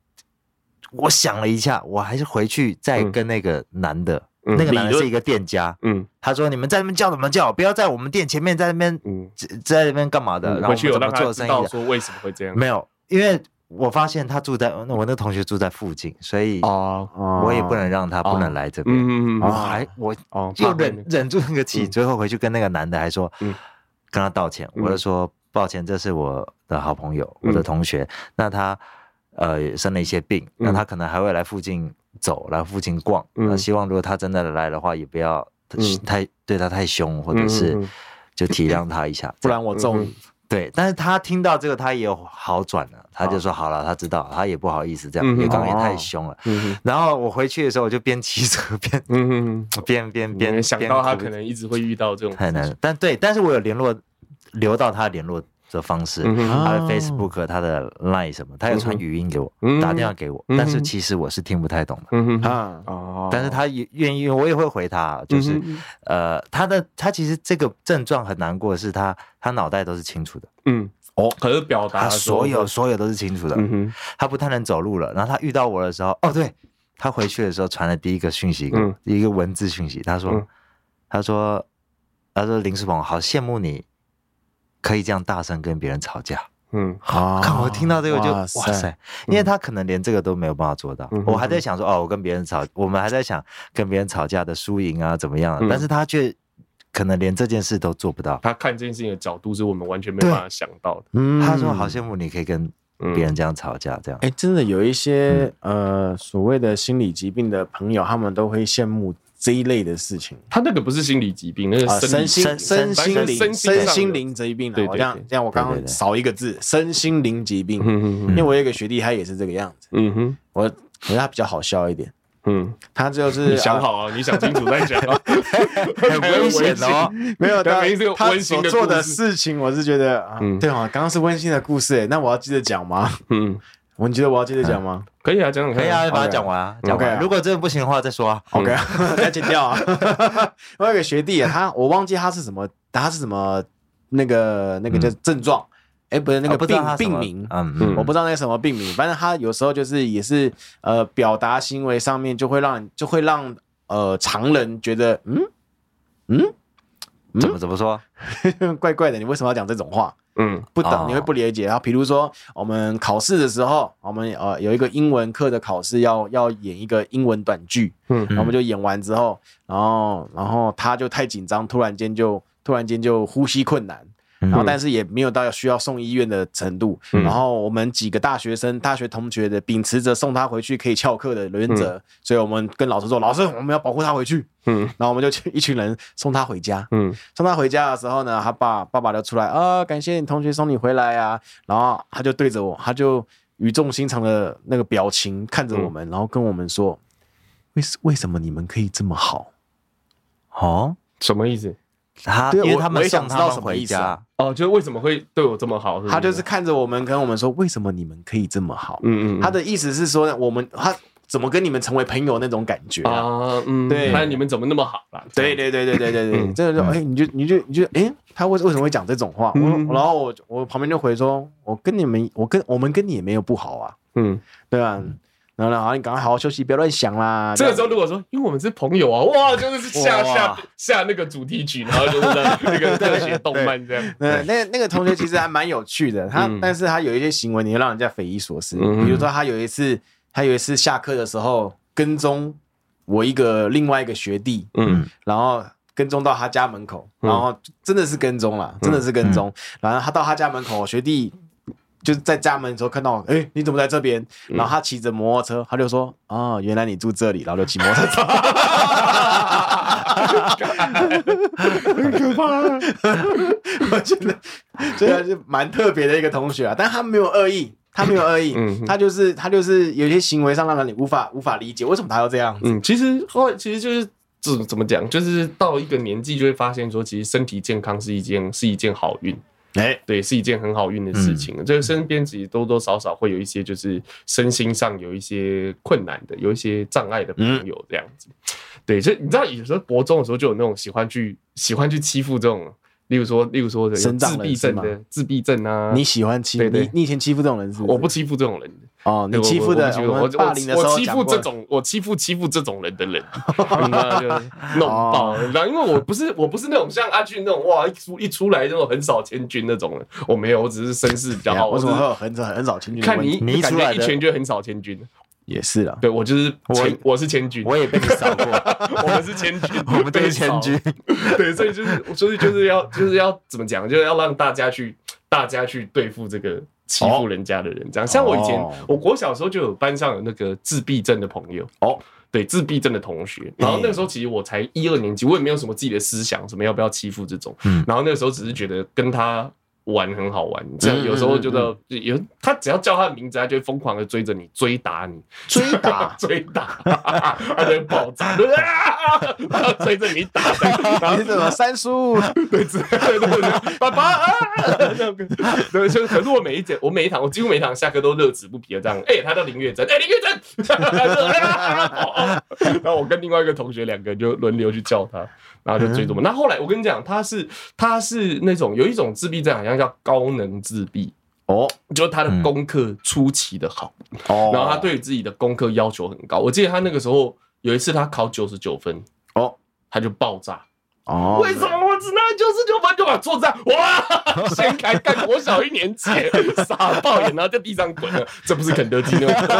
我想了一下，我還是回去再跟那個男的。嗯嗯、那個男的是一個店家，嗯，他說你們在那邊叫什麼叫，不要在我們店前面在那邊、嗯，在那邊幹嘛的？嗯、然後我們怎麼做生意的？有說為什麼會這樣？沒有，因為我發現他住在那，我那同學住在附近，所以我也不能讓他不能來這邊、哦哦哦。我還我就忍忍住那個氣、嗯，最後回去跟那個男的還說，嗯、跟他道歉、嗯，我就說抱歉，這是我的好朋友，我的同學，嗯、那他呃生了一些病、嗯，那他可能還會來附近。走，來附近逛。那希望如果他真的來的話，也不要太、嗯、太對他太兇，或者是就體諒他一下。嗯、不然我揍你、嗯。對，但是他聽到這個，他也有好轉了、啊嗯。他就說好了，他知道，他也不好意思這樣，為、嗯、剛剛也太兇了、嗯。然後我回去的時候，我就邊騎車邊嗯，邊嗯邊邊想到他可能一直會遇到這種太難。但對，但是我有聯絡留到他聯絡的方式、嗯，他的 Facebook，他的 Line 什麼、啊，他有傳語音給我，嗯、打電話給我、嗯，但是其實我是聽不太懂的啊。哦、嗯，但是他也願意，我也會回他，就是、嗯、呃，他的他其實這個症狀很難過，是他他腦袋都是清楚的，嗯，哦，可是表達的，他所有所有都是清楚的，嗯，他不太能走路了，然後他遇到我的時候，哦，對他回去的時候傳的第一個訊息一個，嗯、第一個文字訊息，他說，嗯、他說，他說林世鵬，好羨慕你。可以這樣大聲跟別人吵架，嗯，好、啊，我聽到這個就哇塞，哇塞，因為他可能連這個都沒有辦法做到。嗯、我還在想說，嗯、哦，我跟別人吵、嗯，我們還在想跟別人吵架的輸贏啊，怎麼樣？嗯、但是他卻可能連這件事都做不到。他看這件事情的角度是我們完全沒辦法想到的。嗯，他說好羨慕你可以跟別人這樣吵架，這樣。哎、嗯欸，真的有一些、嗯、呃所謂的心理疾病的朋友，他們都會羨慕。這一類的事情，他那個不是心理疾病，那個生病。呃、身身身靈是，是身心身心靈身心靈這一病了。我講講我剛剛少一個字，對對對，身心靈疾病對對對。因為我有一個學弟，他也是這個樣子。嗯哼我。我覺得他比較好笑一點。嗯。他就是你想好啊，啊，你想清楚再講啊。 很危險的。 沒有，剛沒這個溫馨的。他所做的事情，我是覺得啊、嗯，對啊，剛剛是溫馨的故事，欸、那我要記得講嗎？嗯。我覺得，我要記得講嗎？可以啊，講了可以啊，把它講完啊，OK，, 完 okay 啊如果這個不行的話，再說啊。OK，、嗯、再剪掉啊。 我有一個學弟、啊，他我忘記他是什麼，他是什麼那個那個叫症狀？哎、嗯欸，不是那個病、哦、不病名，嗯嗯，我不知道那個什麼病名。嗯、反正他有時候就是也是呃，表達行為上面就會讓就會讓呃常人覺得嗯嗯。嗯嗯、怎麼怎麼說？ 怪怪的，你為什麼要講這種話？嗯，不懂、哦，你會不理解啊。比如說，我們考試的時候，我們呃有一個英文課的考試要，要要演一個英文短劇。嗯，嗯，我們就演完之後，然後然後他就太緊張，突然間就突然間就呼吸困難。然後，但是也沒有到需要送醫院的程度，嗯。然後我們幾個大學生、大學同學的秉持着送他回去可以翹課的原則，嗯、所以我們跟老師說：“老師，我們要保護他回去。”嗯，然後我們就去一群人送他回家。嗯，送他回家的時候呢，他爸爸爸就出來啊、哦，感謝你同學送你回來啊。然後他就對着我，他就語重心長的那個表情看着我們，嗯、然後跟我們說：“為為什麼你們可以這麼好？哦，什麼意思？”他，因為他們，他們想知道什麼意思啊？哦，就是為什麼會對我這麼好是不是？他就是看着我們，跟我們說，為什麼你們可以這麼好？嗯嗯，嗯，他的意思是說我們他怎麼跟你們成為朋友那種感覺啊？嗯，嗯對，那你們怎麼那麼好了、啊？對對對對對對這個就、說、欸、哎，你就你就你就哎、欸，他為為什麼會講這種話？嗯嗯我然後我我旁邊就回說，我跟你們，我跟我們跟你也沒有不好啊，嗯，對啊。嗯然後呢？好，你趕快好好休息，不要亂想啦，這樣子。這個時候，如果說，因為我們是朋友啊，哇，就是下哇哇哇下下那個主題曲，然後就是那個熱血動漫這樣子。那個、那個同學其實還蠻有趣的， 他但是他有一些行為，你會讓人家匪夷所思。比、嗯、如說，他有一次，他有一次下課的時候跟蹤我一個另外一個學弟，嗯，然後跟蹤到他家門口，然後真的是跟蹤了、嗯，真的是跟蹤、嗯。然後他到他家門口，學弟。就是在家門的時候看到，欸，你怎麼在這邊？然後他騎着摩托車，他就說，哦，原來你住這裡，然後就騎摩托車車， 很可怕啊。 我覺得，是蠻特別的一個同學啊，但他沒有惡意，他沒有惡意， 他就是他就是有些行為上讓你無法無法理解，為什麼他要這樣？嗯，其實，其實就是怎怎麼講，就是到了一個年紀就會發現，說其實身體健康是一件是一件好運。哎、欸，對，是一件很好運的事情。這、嗯、個身邊其實多多少少會有一些，就是身心上有一些困難的，有一些障礙的朋友這樣子。嗯、對，就你知道，有時候國中的時候就有那種喜歡去喜歡去欺負這種。例如說，例如說，這自閉症的自閉症啊，你喜歡欺負你？你以前欺負這種人是不是？我不欺負這種人哦。你欺負的，我欺負我的，我欺負這種，我欺負欺負這種人的人， 嗯啊就是、弄爆。然、哦、後因為我不是我不是那種像阿俊那種哇一出一出來那種橫掃千軍那種人，我沒有，我只是身世比較好，啊、我怎麼會橫掃橫掃千軍？看你你出來一拳就橫掃千軍。也是啊，對，我就是，我，我是千軍，我也被你殺過 我。我們是千軍，我們是千軍。對，所以就是，所以就是要，就是要怎麼講，就是要讓大家去，大家去對付這個欺負人家的人。這樣，像我以前，哦、我國小時候就有班上有那個自閉症的朋友哦，對，自閉症的同學。然後那個時候其實我才一二年級，我也沒有什麼自己的思想，什麼要不要欺負這種。嗯。然後那個時候只是覺得跟他玩很好玩，這樣，有時候覺得、嗯嗯嗯嗯、有他只要叫他的名字，他就會瘋狂的追着你追打你，追打追打，而且爆炸，對不對？ 爆 然後追着你打，你怎麼三叔？ 對對對，對， 爸巴爸巴、啊。 對，就可是我每一節，我每一堂，我幾乎每一堂，每一堂下課都樂此不疲的這樣。哎、欸，他叫林月珍，哎、欸，林月珍。 然後我跟另外一個同學兩個就輪流去叫他，然後就追着我們。那、嗯、後，後來我跟你講，他是他是那種有一種自閉症，好像叫高能自閉哦，就是他的功課出奇的好哦，然後他對自己的功課要求很高。我記得他那個時候。有一次他考九十九分，哦，他就爆炸，哦，為什麼我只拿九十九分就把桌子哇掀開蓋？我小一年前， 傻爆眼，然後在地上滾，這不是肯德基那種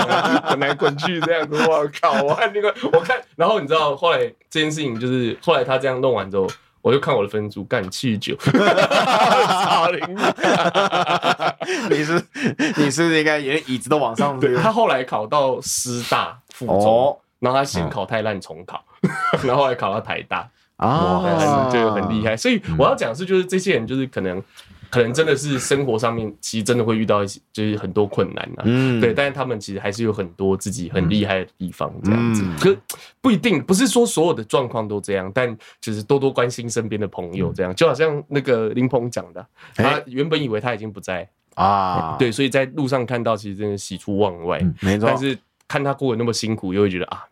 滾 來滾去這樣子。我靠！我看那個，我看，然後你知道後來這件事情就是後來他這樣弄完之後，我就看我的分數幹七十九，好靈，你是你是應該連椅子都往上？對，他後來考到師大附中。哦然後他先考太爛，重考，嗯、 然後還考到台大啊，哇，是，就是、很厲害。所以我要講的是，就是這些人就是可能，嗯、可能真的是生活上面其實真的會遇到一些就是很多困難啊，嗯、對。但是他們其實還是有很多自己很厲害的地方，這樣子。嗯、可不一定不是說所有的狀況都這樣，但就是多多關心身邊的朋友，這樣、嗯、就好像那個林鵬講的、欸，他原本以為他已經不在啊，對，所以在路上看到其實真的喜出望外，嗯、沒錯，但是。看他過得那麼辛苦，又會覺得啊，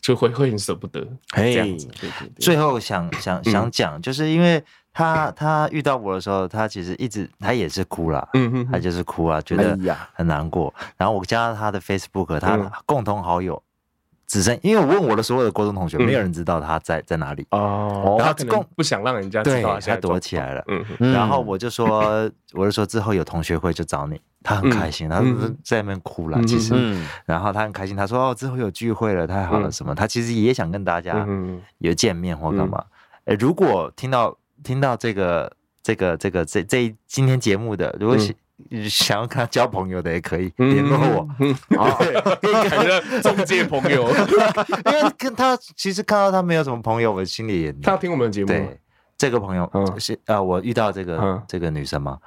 就會會很捨不得 hey, 這樣子。對對對，最後想想想講、嗯，就是因為他他遇到我的時候，他其實一直他也是哭了，嗯哼、哼，他就是哭啊，覺得很難過。哎、然後我加了他的 Facebook，他共同好友。嗯只剩，因為我問我的所有的高中同學，沒有人知道他在在哪裡。哦、嗯，然後他可能不想讓人家知道，他躲起來了。嗯，然後我就說，我就說之後有同學會就找你。他很開心，嗯、他就在那邊哭了、嗯。其實、嗯，然後他很開心，他說哦，之後有聚會了，太好了、嗯、什麼。他其實也想跟大家有見面或幹嘛、嗯嗯。哎，如果聽到聽到這個這個這個這這今天節目的，如果是。嗯你想要跟他交朋友的也可以聯絡我，啊，變成了中介朋友， 因為跟他其實看到他沒有什麼朋友，我心裡也。他要聽我們的節目，對這個朋友是、嗯、啊，我遇到這個、嗯、這個女生嘛、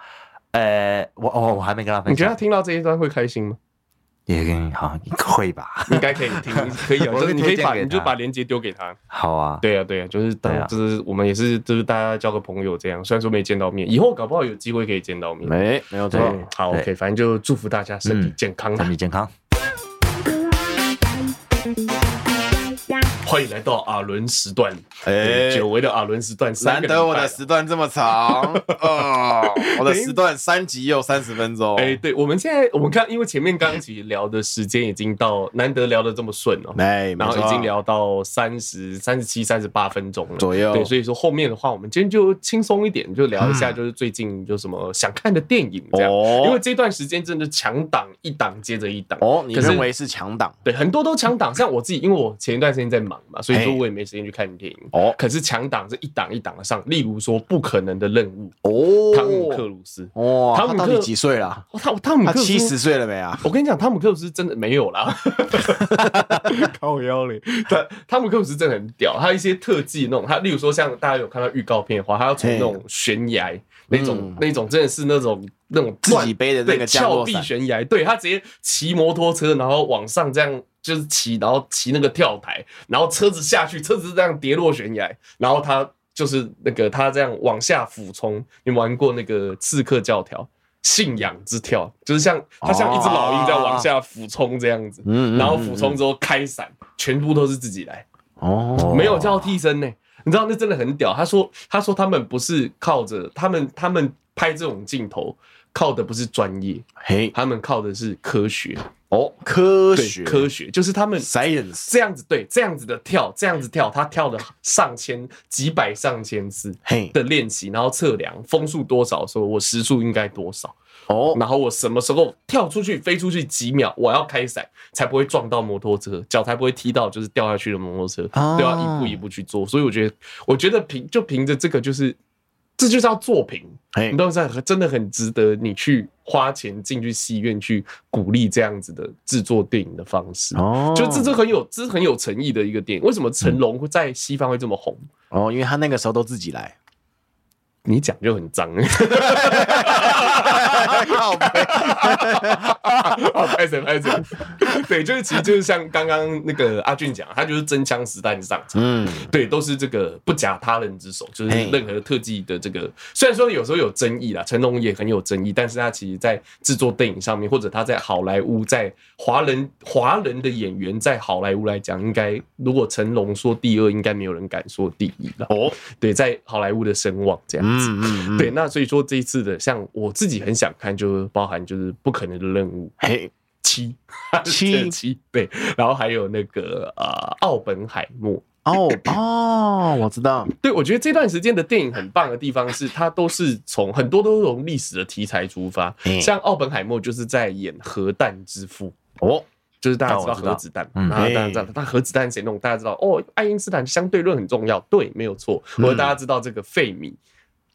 嗯。呃，我哦，我還沒跟他分享，你覺得他聽到這一段會開心嗎？也給你，好，你會吧？應該可以聽，可以啊， 就是你可以把， 你可以你就把鏈接丟給他。好啊，對啊，對啊，就是大家就是我們也是，就是大家交個朋友這樣。雖然說沒見到面，以後搞不好有機會可以見到面。沒，對沒有錯。對好，OK，反正就祝福大家身體健康，嗯、身體健康。歡迎來到阿倫時段，哎、欸，久違的阿倫時段三，難得我的時段這麼長，啊、 oh，我的時段三集又三十分鐘，哎、欸欸，對，我們現在我們看，因為前面剛剛其實聊的時間已經到，難得聊得這麼順哦、喔，欸、然後已經聊到三十三十七、三十八分鐘了左右，對，所以說後面的話，我們今天就輕鬆一點，就聊一下就是最近就什麼想看的電影這樣，嗯、因為這段時間真的強檔一檔接着一檔、哦，哦，你認為是強檔？對，很多都強檔，像我自己，因為我前一段時間在忙。所以說我也沒時間去看電影哦。可是強檔是一檔一檔的上，例如說《不可能的任務》湯哦，湯、哦哦、姆克魯斯哦，湯姆克魯斯幾歲了？他湯姆克魯斯七十歲了沒啊？我跟你講，湯姆克魯斯真的沒有啦， 靠妖嘞！對，湯姆克魯斯真的很屌，他一些特技那種他例如說像大家有看到預告片的話，他要從那種懸崖。那種、嗯、那種真的是那種那種自己背的那個峭壁懸崖，對，他直接騎摩托車，然後往上這樣就是騎，然後騎那個跳台，然後車子下去，車子這樣跌落懸崖，然後他就是那個他這樣往下俯衝。你玩過那個《刺客教條：信仰之跳》，就是像他像一隻老鷹這樣往下俯衝這樣子，哦、然後俯衝之後開傘，全部都是自己來哦，沒有叫替身呢、欸。你知道那真的很屌，他說：“他說他們不是靠着他們，他們拍這種鏡頭靠的不是專業，嘿，他們靠的是科學。”哦、oh,，科學科學就是他們 science 這樣子、science、對，這樣子的跳，這樣子跳，他跳了上千幾百上千次的練習，然後測量風速多少時候，說我時速應該多少，哦、oh.，然後我什麼時候跳出去飛出去幾秒，我要開傘才不會撞到摩托車，腳才不會踢到就是掉下去的摩托車，對啊，一步一步去做，所以我覺得，我覺得憑就憑着這個，就是這就叫作品。 你都在，啊，真的很值得你去花錢進去戲院去鼓勵這樣子的制作電影的方式，oh. 就這是很有這是很有誠意的一個電影。為什麼成龍會在西方會這麼紅？哦、oh,，因為他那個時候都自己來。你講就很髒 oh,，好拍，好拍，好拍，對，就是其實就是像剛剛那個阿俊講，他就是真槍實彈上場，嗯，對，都是這個不假他人之手，就是任何的特技的這個，雖然說有時候有爭議啦，成龍也很有爭議，但是他其實在製作電影上面，或者他在好萊塢，在華人華人的演員在好萊塢來講，應該如果成龍說第二，應該沒有人敢說第一了，哦，對，在好萊塢的聲望這樣。嗯嗯，嗯，對，那所以說這一次的，像我自己很想看，就是，就包含就是不可能的任務，欸、七七七，對，然後還有那個呃奧本海默哦哦，我知道，對我覺得這段時間的電影很棒的地方是，它都是從很多都是從歷史的題材出發，欸、像奧本海默就是在演核彈之父哦，就是大家知道核子彈，哦，然後大家知道那、嗯欸、核子彈誰弄？大家知道哦，愛因斯坦相對論很重要，對，沒有錯，嗯，或者大家知道這個費米。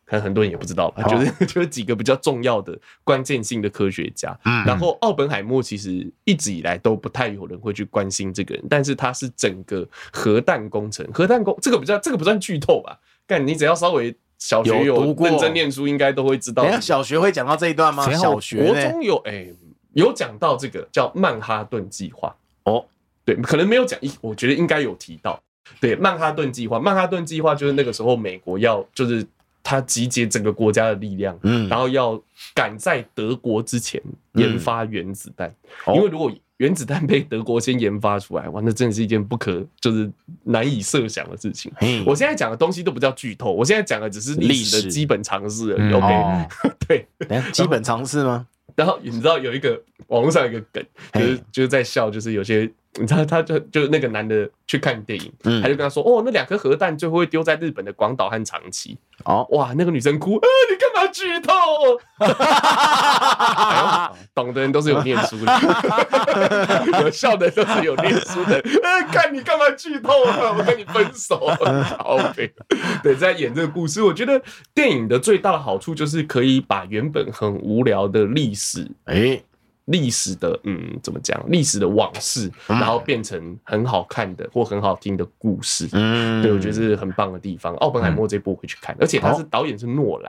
可能很多人也不知道吧，就是就是幾個比較重要的關鍵性的科學家。嗯，然後奧本海默其實一直以來都不太有人會去關心這個人，但是他是整個核彈工程，核彈工這個比較這個不算劇透吧？但你只要稍微小學有認真念書，應該都會知道。小學會講到這一段嗎？小學、國中有哎、欸、有講到這個叫曼哈頓計劃哦，對，可能沒有講，我覺得應該有提到。對，曼哈頓計劃，曼哈頓計劃就是那個時候美國要就是。他集結整個國家的力量、嗯，然後要趕在德國之前研發原子彈、嗯，因為如果原子彈被德國先研發出來，哦、哇，那真的是一件不可就是難以設想的事情。我現在講的東西都不叫劇透，我現在講的只是歷史的基本常識而已、嗯。OK、嗯哦、 對，基本常識嗎？然後，然後你知道有一個網絡上有一個梗，就是就是在笑，就是有些。你知道，他就就那個男的去看電影，嗯、他就跟他說：“哦，那兩顆核彈最後會丟在日本的廣島和長崎。”哦，哇，那個女生哭、欸、你幹嘛劇透、啊 哎？懂的人都是有念書的， 有笑的人都是有念書的。欸、看你幹嘛劇透、啊？我跟你分手。 OK，對，在演這個故事，我覺得電影的最大的好處就是可以把原本很無聊的歷史，欸歷史的，嗯，怎麼講？歷史的往事，然後變成很好看的或很好聽的故事，啊、對，我覺得是很棒的地方。奧本海默這部會去看，嗯，而且他是導演是諾蘭，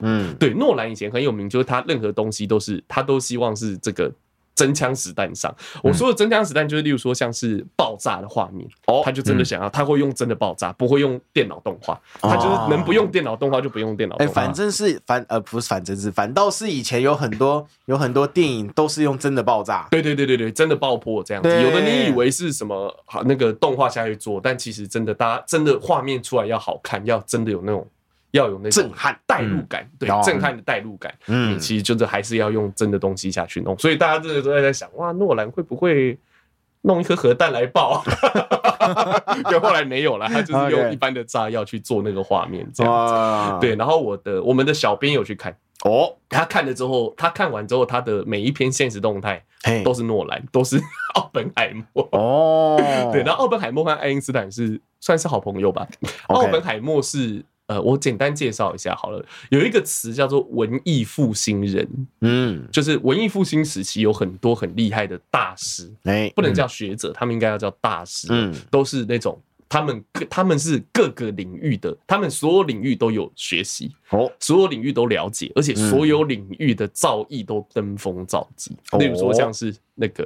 哦，對，諾蘭以前很有名，就是他任何東西都是他都希望是這個。真槍實彈上，我說的真槍實彈就是，例如說像是爆炸的畫面，他就真的想要，他會用真的爆炸，不會用電腦動畫，他就是能不用電腦動畫就不用電腦動畫。哎，反正是反呃不是反正是反倒是以前有很多有很多電影都是用真的爆炸，對對對對對，對，真的爆破這樣子，有的你以為是什麼那個動畫下去做，但其實真的大家真的畫面出來要好看，要真的有那種。要有那種震撼代入感，震嗯、對震撼的代入感，嗯，其實就是還是要用真的東西下去弄。嗯、所以大家這個都在在想，哇，諾蘭會不會弄一顆核彈來爆、啊？對， 後來沒有了，他就是用一般的炸藥去做那個畫面，這樣子。Okay. 對，然後我的我們的小編有去看，哦、oh.，他看了之後，他看完之後，他的每一篇現實動態、hey. 都是諾蘭，都是奧本海默。哦、oh.，對，然後奧本海默和愛因斯坦是算是好朋友吧？奧、okay. 本海默是。呃，我簡單介紹一下好了。有一個詞叫做文藝復興人，嗯，就是文藝復興時期有很多很厲害的大師，哎，不能叫學者，嗯，他們應該要叫大師，嗯，都是那種他們他們是各個領域的，他們所有領域都有學習，哦，所有領域都了解，而且所有領域的造詣都登峰造極，哦。例如說，像是那個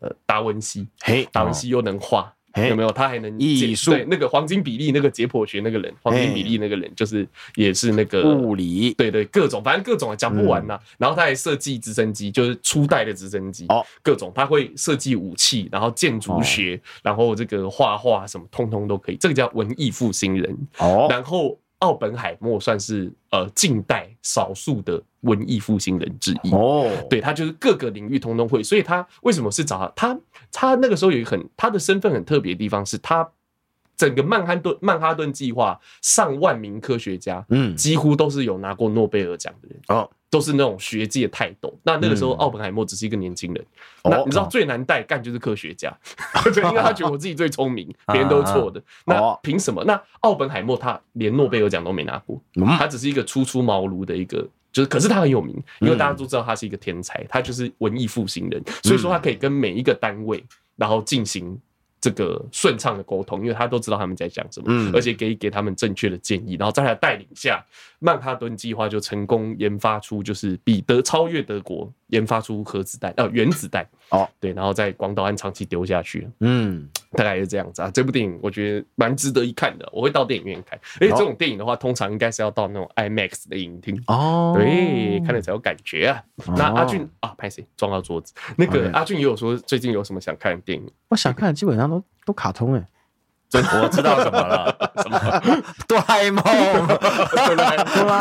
呃、達文西，嘿，達文西又能畫。哦 Hey, 有沒有？他還能藝術，對那個黃金比例那個解剖學那個人，黃金比例那個人就是也是那個物理，對對各種，反正各種也講不完吶、啊。然後他還設計直升機，就是初代的直升機哦，各種他會設計武器，然後建築學，然後這個畫畫什麼通通都可以，這個叫文藝復興人哦。然後。奧本海默算是呃近代少數的文藝復興人之一哦，對，他就是各個領域通通會，所以他為什麼是找他？他他那個時候有一個很他的身份很特別的地方是他。整個曼哈頓曼哈頓計劃上萬名科學家，幾乎都是有拿過諾貝爾獎的人，哦，都是那種學界泰斗。那那個時候，奧本海默只是一個年輕人，嗯。那你知道最難帶乾就是科學家，哦， 因為他覺得我自己最聰明，啊，別人都錯的，啊。那憑什麼，啊？那奧，啊、本海默他連諾貝爾獎都沒拿過，嗯，他只是一個初出茅廬的一個，就是，可是他很有名，因為大家都知道他是一個天才，他就是文藝復興人，所以說他可以跟每一個單位然後進行。這個順暢的溝通，因為他都知道他們在講什麼，而且給給他們正確的建議，然後在他的帶領下。曼哈頓計劃就成功研發出，就是彼得超越德國研發出核子彈，呃、啊，原子彈。哦，對，然後在廣島安長崎丟下去。嗯，大概就是這樣子啊。這部電影我覺得蠻值得一看的，我會到電影院看。哎，這種電影的話，哦、通常應該是要到那種 IMAX 的影廳哦，對，看了才有感覺啊。哦、那阿俊啊，拍謝撞到桌子。那個阿俊也有說最近有什麼想看的電影？我想看，基本上都都卡通哎、欸。這我知道什麼了？ 什麼？哆啦 A 夢，哆啦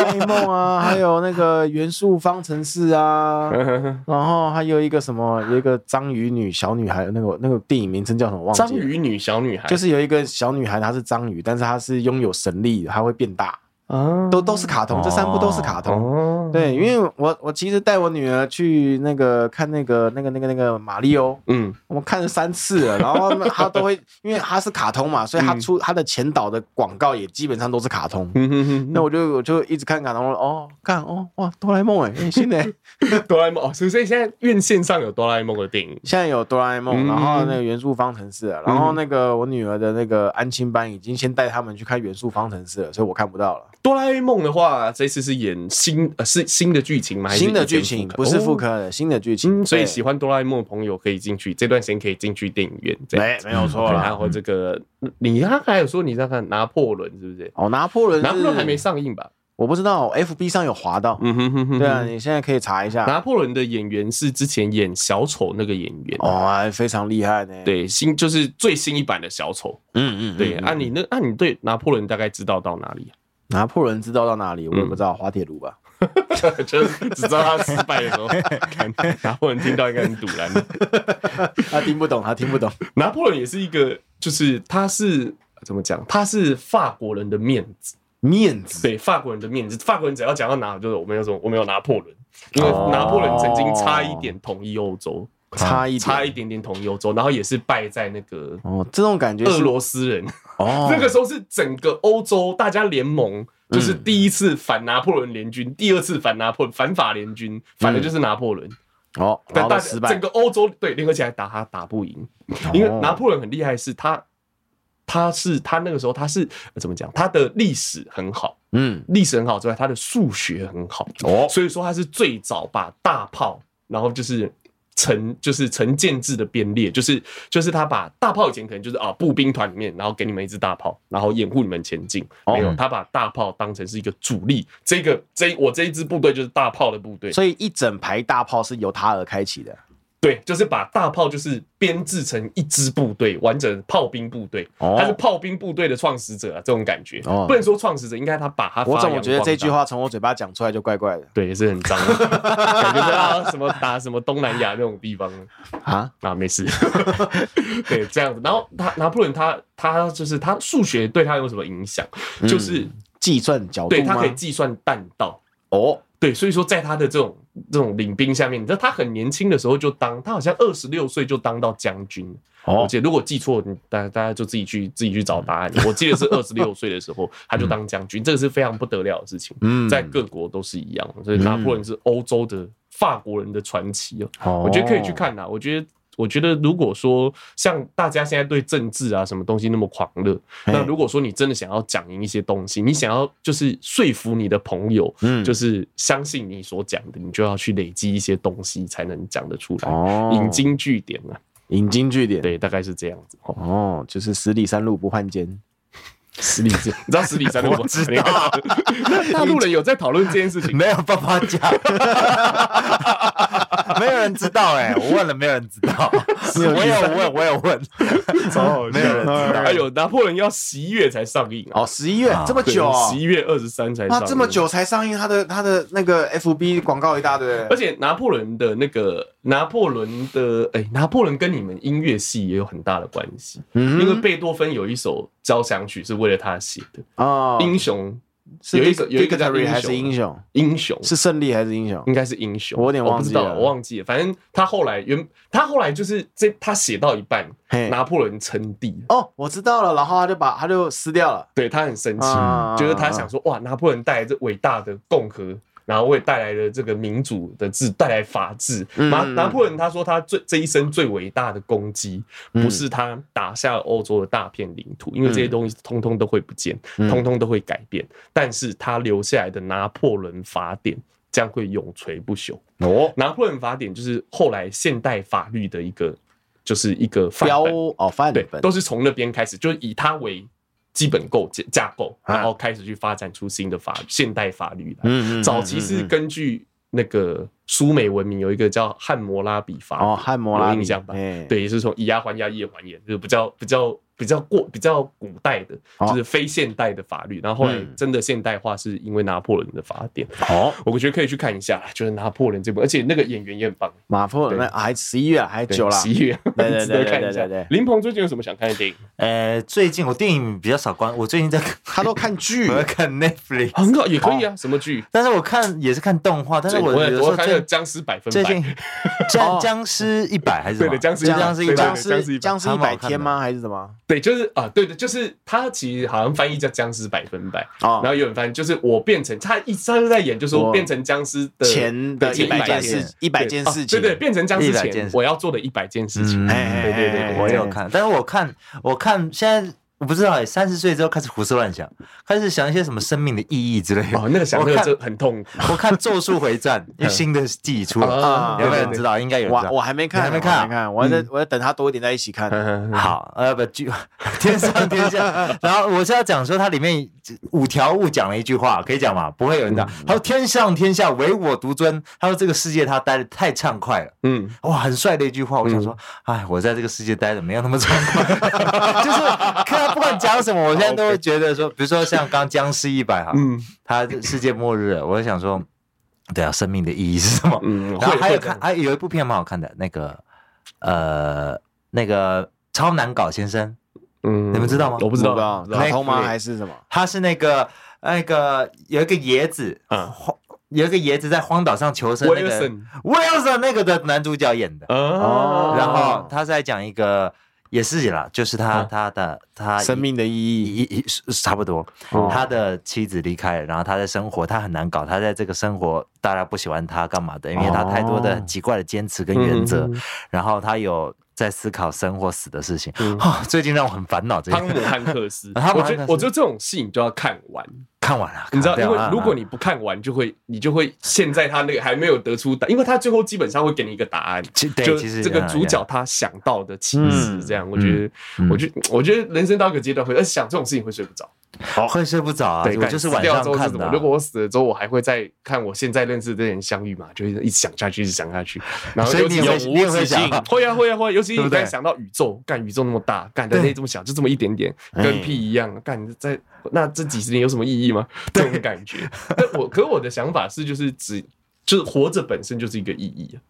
A 夢啊， 還有那個元素方程式啊， 然後還有一個什麼？有一個章魚女小女孩，那個那個電影名稱叫什麼？忘記了。章魚女小女孩就是有一個小女孩，她是章魚，但是她是擁有神力的，她會變大。啊，都都是卡通，哦，這三部都是卡通。哦。對，因為我我其實帶我女兒去那個看，那個，那個那個那個那個馬里歐。嗯。我們看了三次了，然後她都會， 因為她是卡通嘛，所以她出它，嗯、的前導的廣告也基本上都是卡通。嗯，哼哼哼，那我就我就一直看卡通，哦，看哦，哇，哆啦 A 夢哎，新的，欸、 哆啦 A 夢，所，哦，以現在院線上有哆啦 A 夢的電影，現在有哆啦 A 夢，然後那個元素方程式，嗯，然後那個我女兒的那個安親班已經先帶他們去看元素方程式了，所以我看不到了。哆啦 A 夢的話，這次是演新呃是新的劇情嗎？新的劇情不是復刻，新的劇情，的的劇情、哦嗯。所以喜歡哆啦 A 夢的朋友可以進去，這段時間可以進去電影院。沒沒有錯 okay，嗯。然後這個、嗯、你他還有說你在看拿破崙是不是？哦，拿破崙，拿破崙還沒上映吧？我不知道，FB 上有滑到。嗯哼哼，哼哼哼。對啊，你現在可以查一下拿破崙的演員是之前演小丑那個演員。哇、哦啊，非常厲害呢。對，新就是最新一版的小丑。嗯嗯，嗯，嗯。對，啊你，你那啊，你對拿破崙大概知道到哪裡？拿破崙知道到哪裡？我也不知道，滑鐵盧吧？就只知道他失敗的時候。 拿破崙聽到應該很賭爛，他聽不懂，他聽不懂。拿破崙也是一個，就是他是怎麼講？他是法國人的面子，面子。對，法國人的面子。法國人只要講到拿，就是我們有什麼，我們有拿破崙，因為拿破崙曾經差一點統一歐洲。哦差一差一點點統一歐洲，然後也是敗在那個哦，這種感覺俄羅斯人哦，那個時候是整個歐洲大家聯盟，就是第一次反拿破崙聯軍，第二次反拿破崙反法聯軍，反的就是拿破崙哦，但是整個歐洲對聯合起來打他打不贏，因為拿破崙很厲害，是他他是他那個時候他是怎麼講？他的歷史很好，嗯，歷史很好之外，他的數學很好哦，所以說他是最早把大炮，然後就是。成就是成建制的編列，就是就是他把大炮以前可能就是啊步兵團裡面，然後給你們一支大炮，然後掩護你們前進。沒有，他把大炮當成是一個主力。這個，這我這一支部隊就是大炮的部隊，所以一整排大炮是由他而開啟的。對，就是把大炮就是編制成一支部隊，完整炮兵部隊，oh. 他是炮兵部隊的創始者啊，這種感覺，oh. 不能說創始者，應該他把他放在。我總覺得這句話從我嘴巴講出來就怪怪的。對，也是很髒的， 感覺就、哦、什麼打什麼東南亞那種地方。啊啊，沒事， 對，這樣子。然後他拿破崙，他他就是他數學對他有什麼影響、嗯？就是計算角度對，他可以計算彈道。哦、oh.。對，所以說在他的這種這種領兵下面，你知道他很年輕的時候就當，他好像二十六歲就當到將軍。哦、oh.，而且如果記錯，大家大家就自己去自己去找答案。 我記得是二十六歲的時候他就當將軍， 這個是非常不得了的事情。嗯， 在各國都是一樣，所以拿破崙是歐洲的 法國人的傳奇哦。哦、oh.，我覺得可以去看吶。我覺得。我覺得，如果說像大家現在對政治啊什麼東西那麼狂熱、欸，那如果說你真的想要講贏一些東西，你想要就是說服你的朋友，嗯，就是相信你所講的，你就要去累積一些東西才能講得出來，嗯、引經據典啊，引經據典，對，大概是這樣子。哦，就是十里山路不換肩十里知， 你知道十里山路不 知道、啊，那 大陸人有在討論這件事情，沒有辦法講。 沒有人知道哎、欸，我問了，沒有人知道。 是，我有問， 我有問， 沒有人知道。哎呦，拿破崙要十一月才上映、啊、哦，十一月、啊、這麼久十、哦、一月二十三才上映。哇，這麼久才上映，他的他的那個 FB 廣告一大堆。而且拿破崙的那個拿破崙的哎，拿破崙跟你們音樂系也有很大的關係、嗯，嗯、因為貝多芬有一首交響曲是為了他寫的啊、哦，英雄。是這個，有一個有一個叫英，英雄，英雄是勝利還是英雄？應該是英雄。我有點忘記了，哦不知道，我忘記了。反正他後來原他後來就是這他寫到一半，拿破崙稱帝。哦，我知道了。然後他就把他就撕掉了。對他很生氣，覺、啊、得、啊啊啊啊就是，他想說哇，拿破崙帶來這偉大的共和。然後為帶來了這個民主的制，帶來法治。拿、嗯、拿破崙他說，他最這一生最偉大的功績，不是他打下歐洲的大片領土，嗯，因為這些東西通通都會不見，嗯，通通都會改變。但是他留下來的《拿破崙法典》將會永垂不朽。哦，《拿破崙法典》就是後來現代法律的一個，就是一個法標哦範本，對，都是從那邊開始，就是以他為。基本構架架構，然後開始去發展出新的法現代法律來。嗯嗯嗯嗯，早期是根據那個蘇美文明，有一個叫漢摩拉比法，哦，漢摩拉比法，有印象吧，對，也是從以牙還牙，以眼還眼，就是比較比較。比較比較過比較古代的、哦，就是非現代的法律，然後，後來真的現代化是因為拿破崙的法典。好、嗯，我覺得可以去看一下，就是拿破崙這部，而且那個演員也很棒。拿破崙還十一月、啊、還久了、啊。十 一月，對對對對對對。林鵬最近有什麼想看的電影？呃、欸，最近我電影比較少觀我最近在他都看劇， 我看 Netflix，、啊、很好也可以啊，哦、什麼劇？但是我看也是看動畫，但是我我，我看僵屍百分百，僵僵屍一百還是什麼對的，僵屍僵屍一百天嗎？還是什麼？對，就是啊，對的，就是他其實好像翻譯叫殭屍百分百、哦，然後有人翻譯就是我變成他一，他就在演，就說變成殭屍的前的一百件事，一百件事情、啊、對對，變成殭屍前我要做的一百件事情、嗯，對對對，對，我有看，但是我看我看現在。我不知道、欸，三十歲之後開始胡思亂想，開始想一些什麼生命的意義之類哦，那個想的很痛。我看《咒術迴戰》 新的季出了、嗯，有沒有人知道？嗯、應該有人知道。我我還沒看，還沒看，啊、我還沒看，我在、嗯，我在等他多一點再一起看、啊嗯嗯嗯。好，呃、啊，不，天上天下。 然後我是要講說，它裡面五條悟講了一句話，可以講嗎？不會有人講、嗯。他說：“天上天下，唯我獨尊。”他說：“這個世界，他待的太暢快了。”嗯，哇，很帥的一句話。我想說，哎、嗯，我在這個世界待的沒有那麼暢快， 就是。不管講什麼，我現在都會覺得說，Okay. 比如說像剛僵屍一百哈， 嗯，他世界末日，我就想說，對啊，生命的意義是什麼？嗯，然後還有看，還有一部片蠻好看的，那個呃，那個超難搞先生，嗯，你們知道嗎？我不知道，然後超難還是什麼？他是那個那個有一個野子，嗯，荒有一個野子在荒島上求生，那個威爾森那個的男主角演的，哦、oh.，然後他是在講一個。也是啦，就是他、啊、他，他的他生命的意義，一一差不多。哦、他的妻子離開了，然後他的生活，他很難搞，他在這個生活，大家不喜歡他幹嘛的，因為他太多的很奇怪的堅持跟原則。哦、然後他有。在思考生或死的事情，啊、嗯，最近讓我很煩惱。這湯姆漢克斯， 我覺得我覺得這種戲你就要看完，看完了，啊，你知道，因為如果你不看完，就會你就會現在他那個還沒有得出答，因為他最後基本上會給你一個答案，就這個主角他想到的其實、這個、的這樣，嗯，我覺得、嗯，我覺得，我覺得人生到一個階段會想這種事情會睡不着。好、oh, 很睡不着啊！對，我就是晚上看的。如果我死了之後、啊，我還會再看我現在認識的人相遇嘛？就是一直想下去，一直想下去。然後尤其有所以你永無止境，會啊會啊會啊，尤其你在想到宇宙，幹宇宙那麼大，幹人類這麼小，就這麼一點點，跟屁一樣。幹在那這幾十年有什麼意義嗎？對這種感覺。 我可我的想法是，就是只。就是活着本身就是一個意義、啊，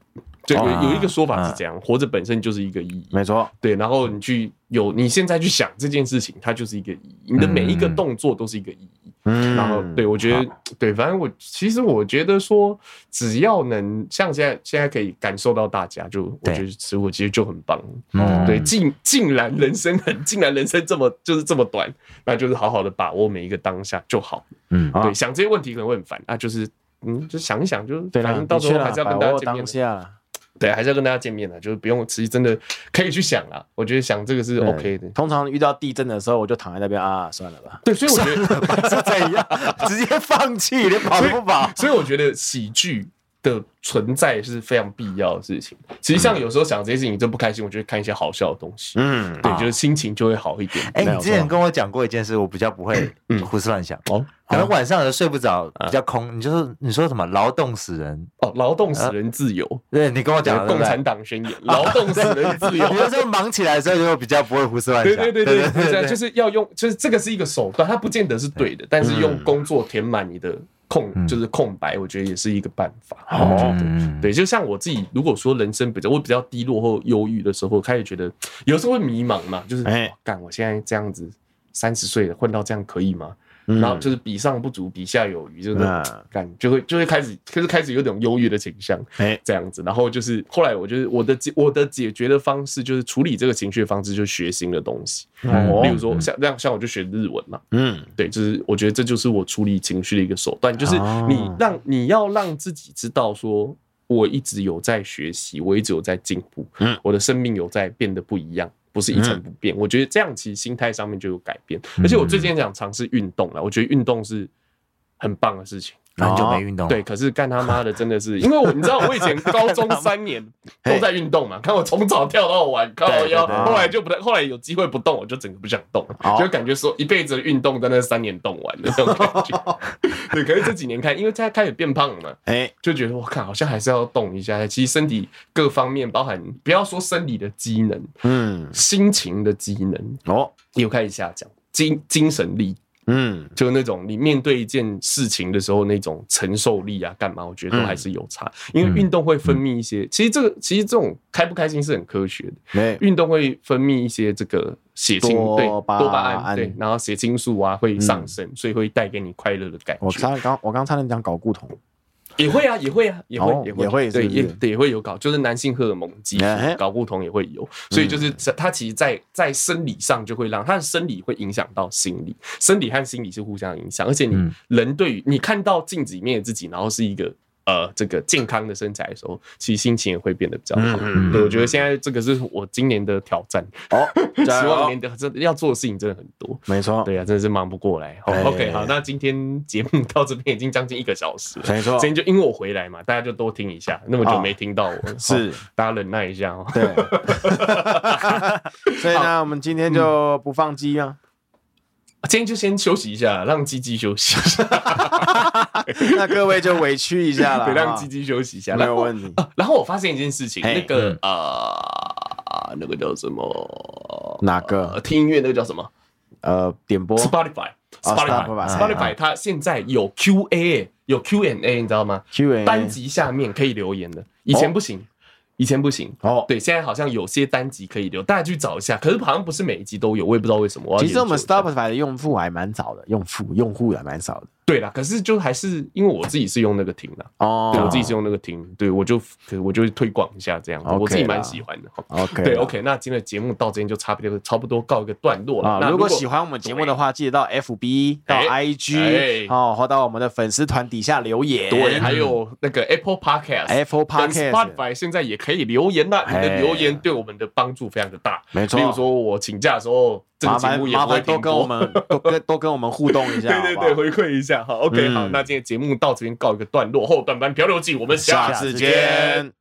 就有一個說法是這樣，活着本身就是一個意義。沒錯，對。然後你去有，你現在去想這件事情，它就是一個意義。你的每一個動作都是一個意義。嗯，然後對，我覺得對，反正我其實我覺得說，只要能像現在，現在可以感受到大家，就我覺得直播其實就很棒。對，竟竟然人生很，竟然人生這麼就是這麼短，那就是好好的把握每一個當下就好。嗯，對，想這些問題可能會很煩，那就是。嗯，就想一想，就是反正到時候還是要跟大家見面，對，還是要跟大家見面的，就是不用，其實真的可以去想了。我覺得想這個是 OK 的對對。通常遇到地震的時候，我就躺在那邊啊，啊，算了吧。對，所以我覺得怎樣， 直接放棄，連跑都不跑，所以。所以我覺得喜劇。的存在是非常必要的事情。其實像有時候想這些事情，你真不開心，我就會看一些好笑的東西。嗯，對，啊、就是心情就會好一點，點。哎、欸，你之前跟我講過一件事，我比較不會胡思亂想、嗯嗯。哦，可能晚上睡不着、嗯，比較空。你就是你說什麼，勞動使人。哦，勞動使人自由、啊。對，你跟我講，共產黨宣言，勞動使人自由。有時候忙起來時候就比較不會胡思亂想。對對對對對，對，就是要用，就是這個是一個手段，它不見得是對的，對但是用工作填滿你的。空就是空白，我覺得也是一個辦法。嗯、對，就像我自己，如果說人生比較我比較低落或憂鬱的時候，我開始覺得有時候會迷茫嘛，就是欸、哦、幹，我現在這樣子30，三十歲了混到這樣可以嗎？嗯、然後就是比上不足，比下有餘，就是感、嗯、就會就會開始就是開始有點憂鬱的傾向，哎，這樣子、欸。然後就是後來，我就是我的解我的解決的方式就是處理這個情緒的方式，就是學新的東西。哦、嗯，比如說像這樣像我就學日文嘛。嗯，對，就是我覺得這就是我處理情緒的一個手段，嗯、就是你讓你要讓自己知道說我，我一直有在學習，我一直有在進步，我的生命有在變得不一樣。不是一成不變，嗯，我覺得這樣其實心態上面就有改變。嗯，而且我最近想嘗試運動了，我覺得運動是很棒的事情。很久沒運動，對，可是幹他媽的真的是，因為我你知道我以前高中三年都在運動嘛， 看，看我從早跳到晚，看我腰，後來就不太，後來有機會不動，我就整個不想動，就感覺說一輩子的運動在那三年動完的那 種感覺。對，可是這幾年看，因為現在開始變胖了嘛，哎，就覺得我看好像還是要動一下。其實身體各方面，包含不要說生理的機能，嗯，心情的機能哦，你有看一下講，精精神力。嗯， 就那種你面對一件事情的時候，那種承受力啊，幹嘛，我覺得都還是有差。因為運動會分泌一些，其實這個其實這種開不開心是很科學的。沒，運動會分泌一些這個血清，對，多巴胺，對，然後血清素啊會上升，所以會帶給你快樂的感覺。嗯嗯嗯嗯。我剛剛我剛剛差點講睾固酮。也會啊，也會啊，也會，哦、也會，也會是不是，對，也對也會有搞，就是男性荷爾蒙激素、欸、搞不同也會有，所以就是他其實在在生理上就會讓他的生理會影響到心理，生理和心理是互相影響，而且你、嗯、人對於你看到鏡子裡面的自己，然後是一個。呃，這個健康的身材的時候，其實心情也會變得比較好。嗯嗯嗯對，我覺得現在這個是我今年的挑戰。哦，希望你的真的要做的事情真的很多，沒錯。對呀、啊，真的是忙不過來。欸欸 OK，好，那今天節目到這邊已經將近一個小時了，沒錯。今天就因為我回來嘛，大家就多聽一下，那麼久沒聽到我、哦、是，大家忍耐一下哦。對， 所以呢，我們今天就不放雞啊。今天就先休息一下，讓雞雞休息一下。 那各位就委屈一下了， 讓雞雞休息一下。沒有問題。然後,然後我發現一件事情，那個、嗯、呃那個叫什麼？哪個？呃、聽音樂那個叫什麼？呃，點播。Spotify，Spotify，Spotify，、oh, Spotify, Spotify, 哦、Spotify 它現在有 Q A，有 Q and A，你知道嗎？Q A 單集下面可以留言的，以前不行。哦以前不行哦，oh. 對，現在好像有些單集可以留，大家去找一下。可是好像不是每一集都有，我也不知道為什麼。我其實我們 Spotify 的用戶還蠻少的，用戶用戶也蠻少的。對啦，可是就還是因為我自己是用那個聽的哦對，我自己是用那個聽，對我就我就推廣一下這樣，okay、我自己蠻喜歡的。OK， 對 OK，那今天的節目到這邊就差不多差不多告一個段落了。啊、如,果如果喜歡我們節目的話，記得到 FB、到 IG、欸欸、哦，或到我們的粉絲團底下留言。對，嗯、還有那個 Apple Podcast、Apple Podcast、Spotify 現在也可以留言啦、啊欸。你的留言對我們的幫助非常的大。沒錯，比如說我請假的時候。這節、個、目也多跟我們多 跟，跟我們互動一下好好， 對對對，回饋一下哈。OK，、嗯、好，那今天節目到這邊告一個段落後，後段班漂流記我們下次見。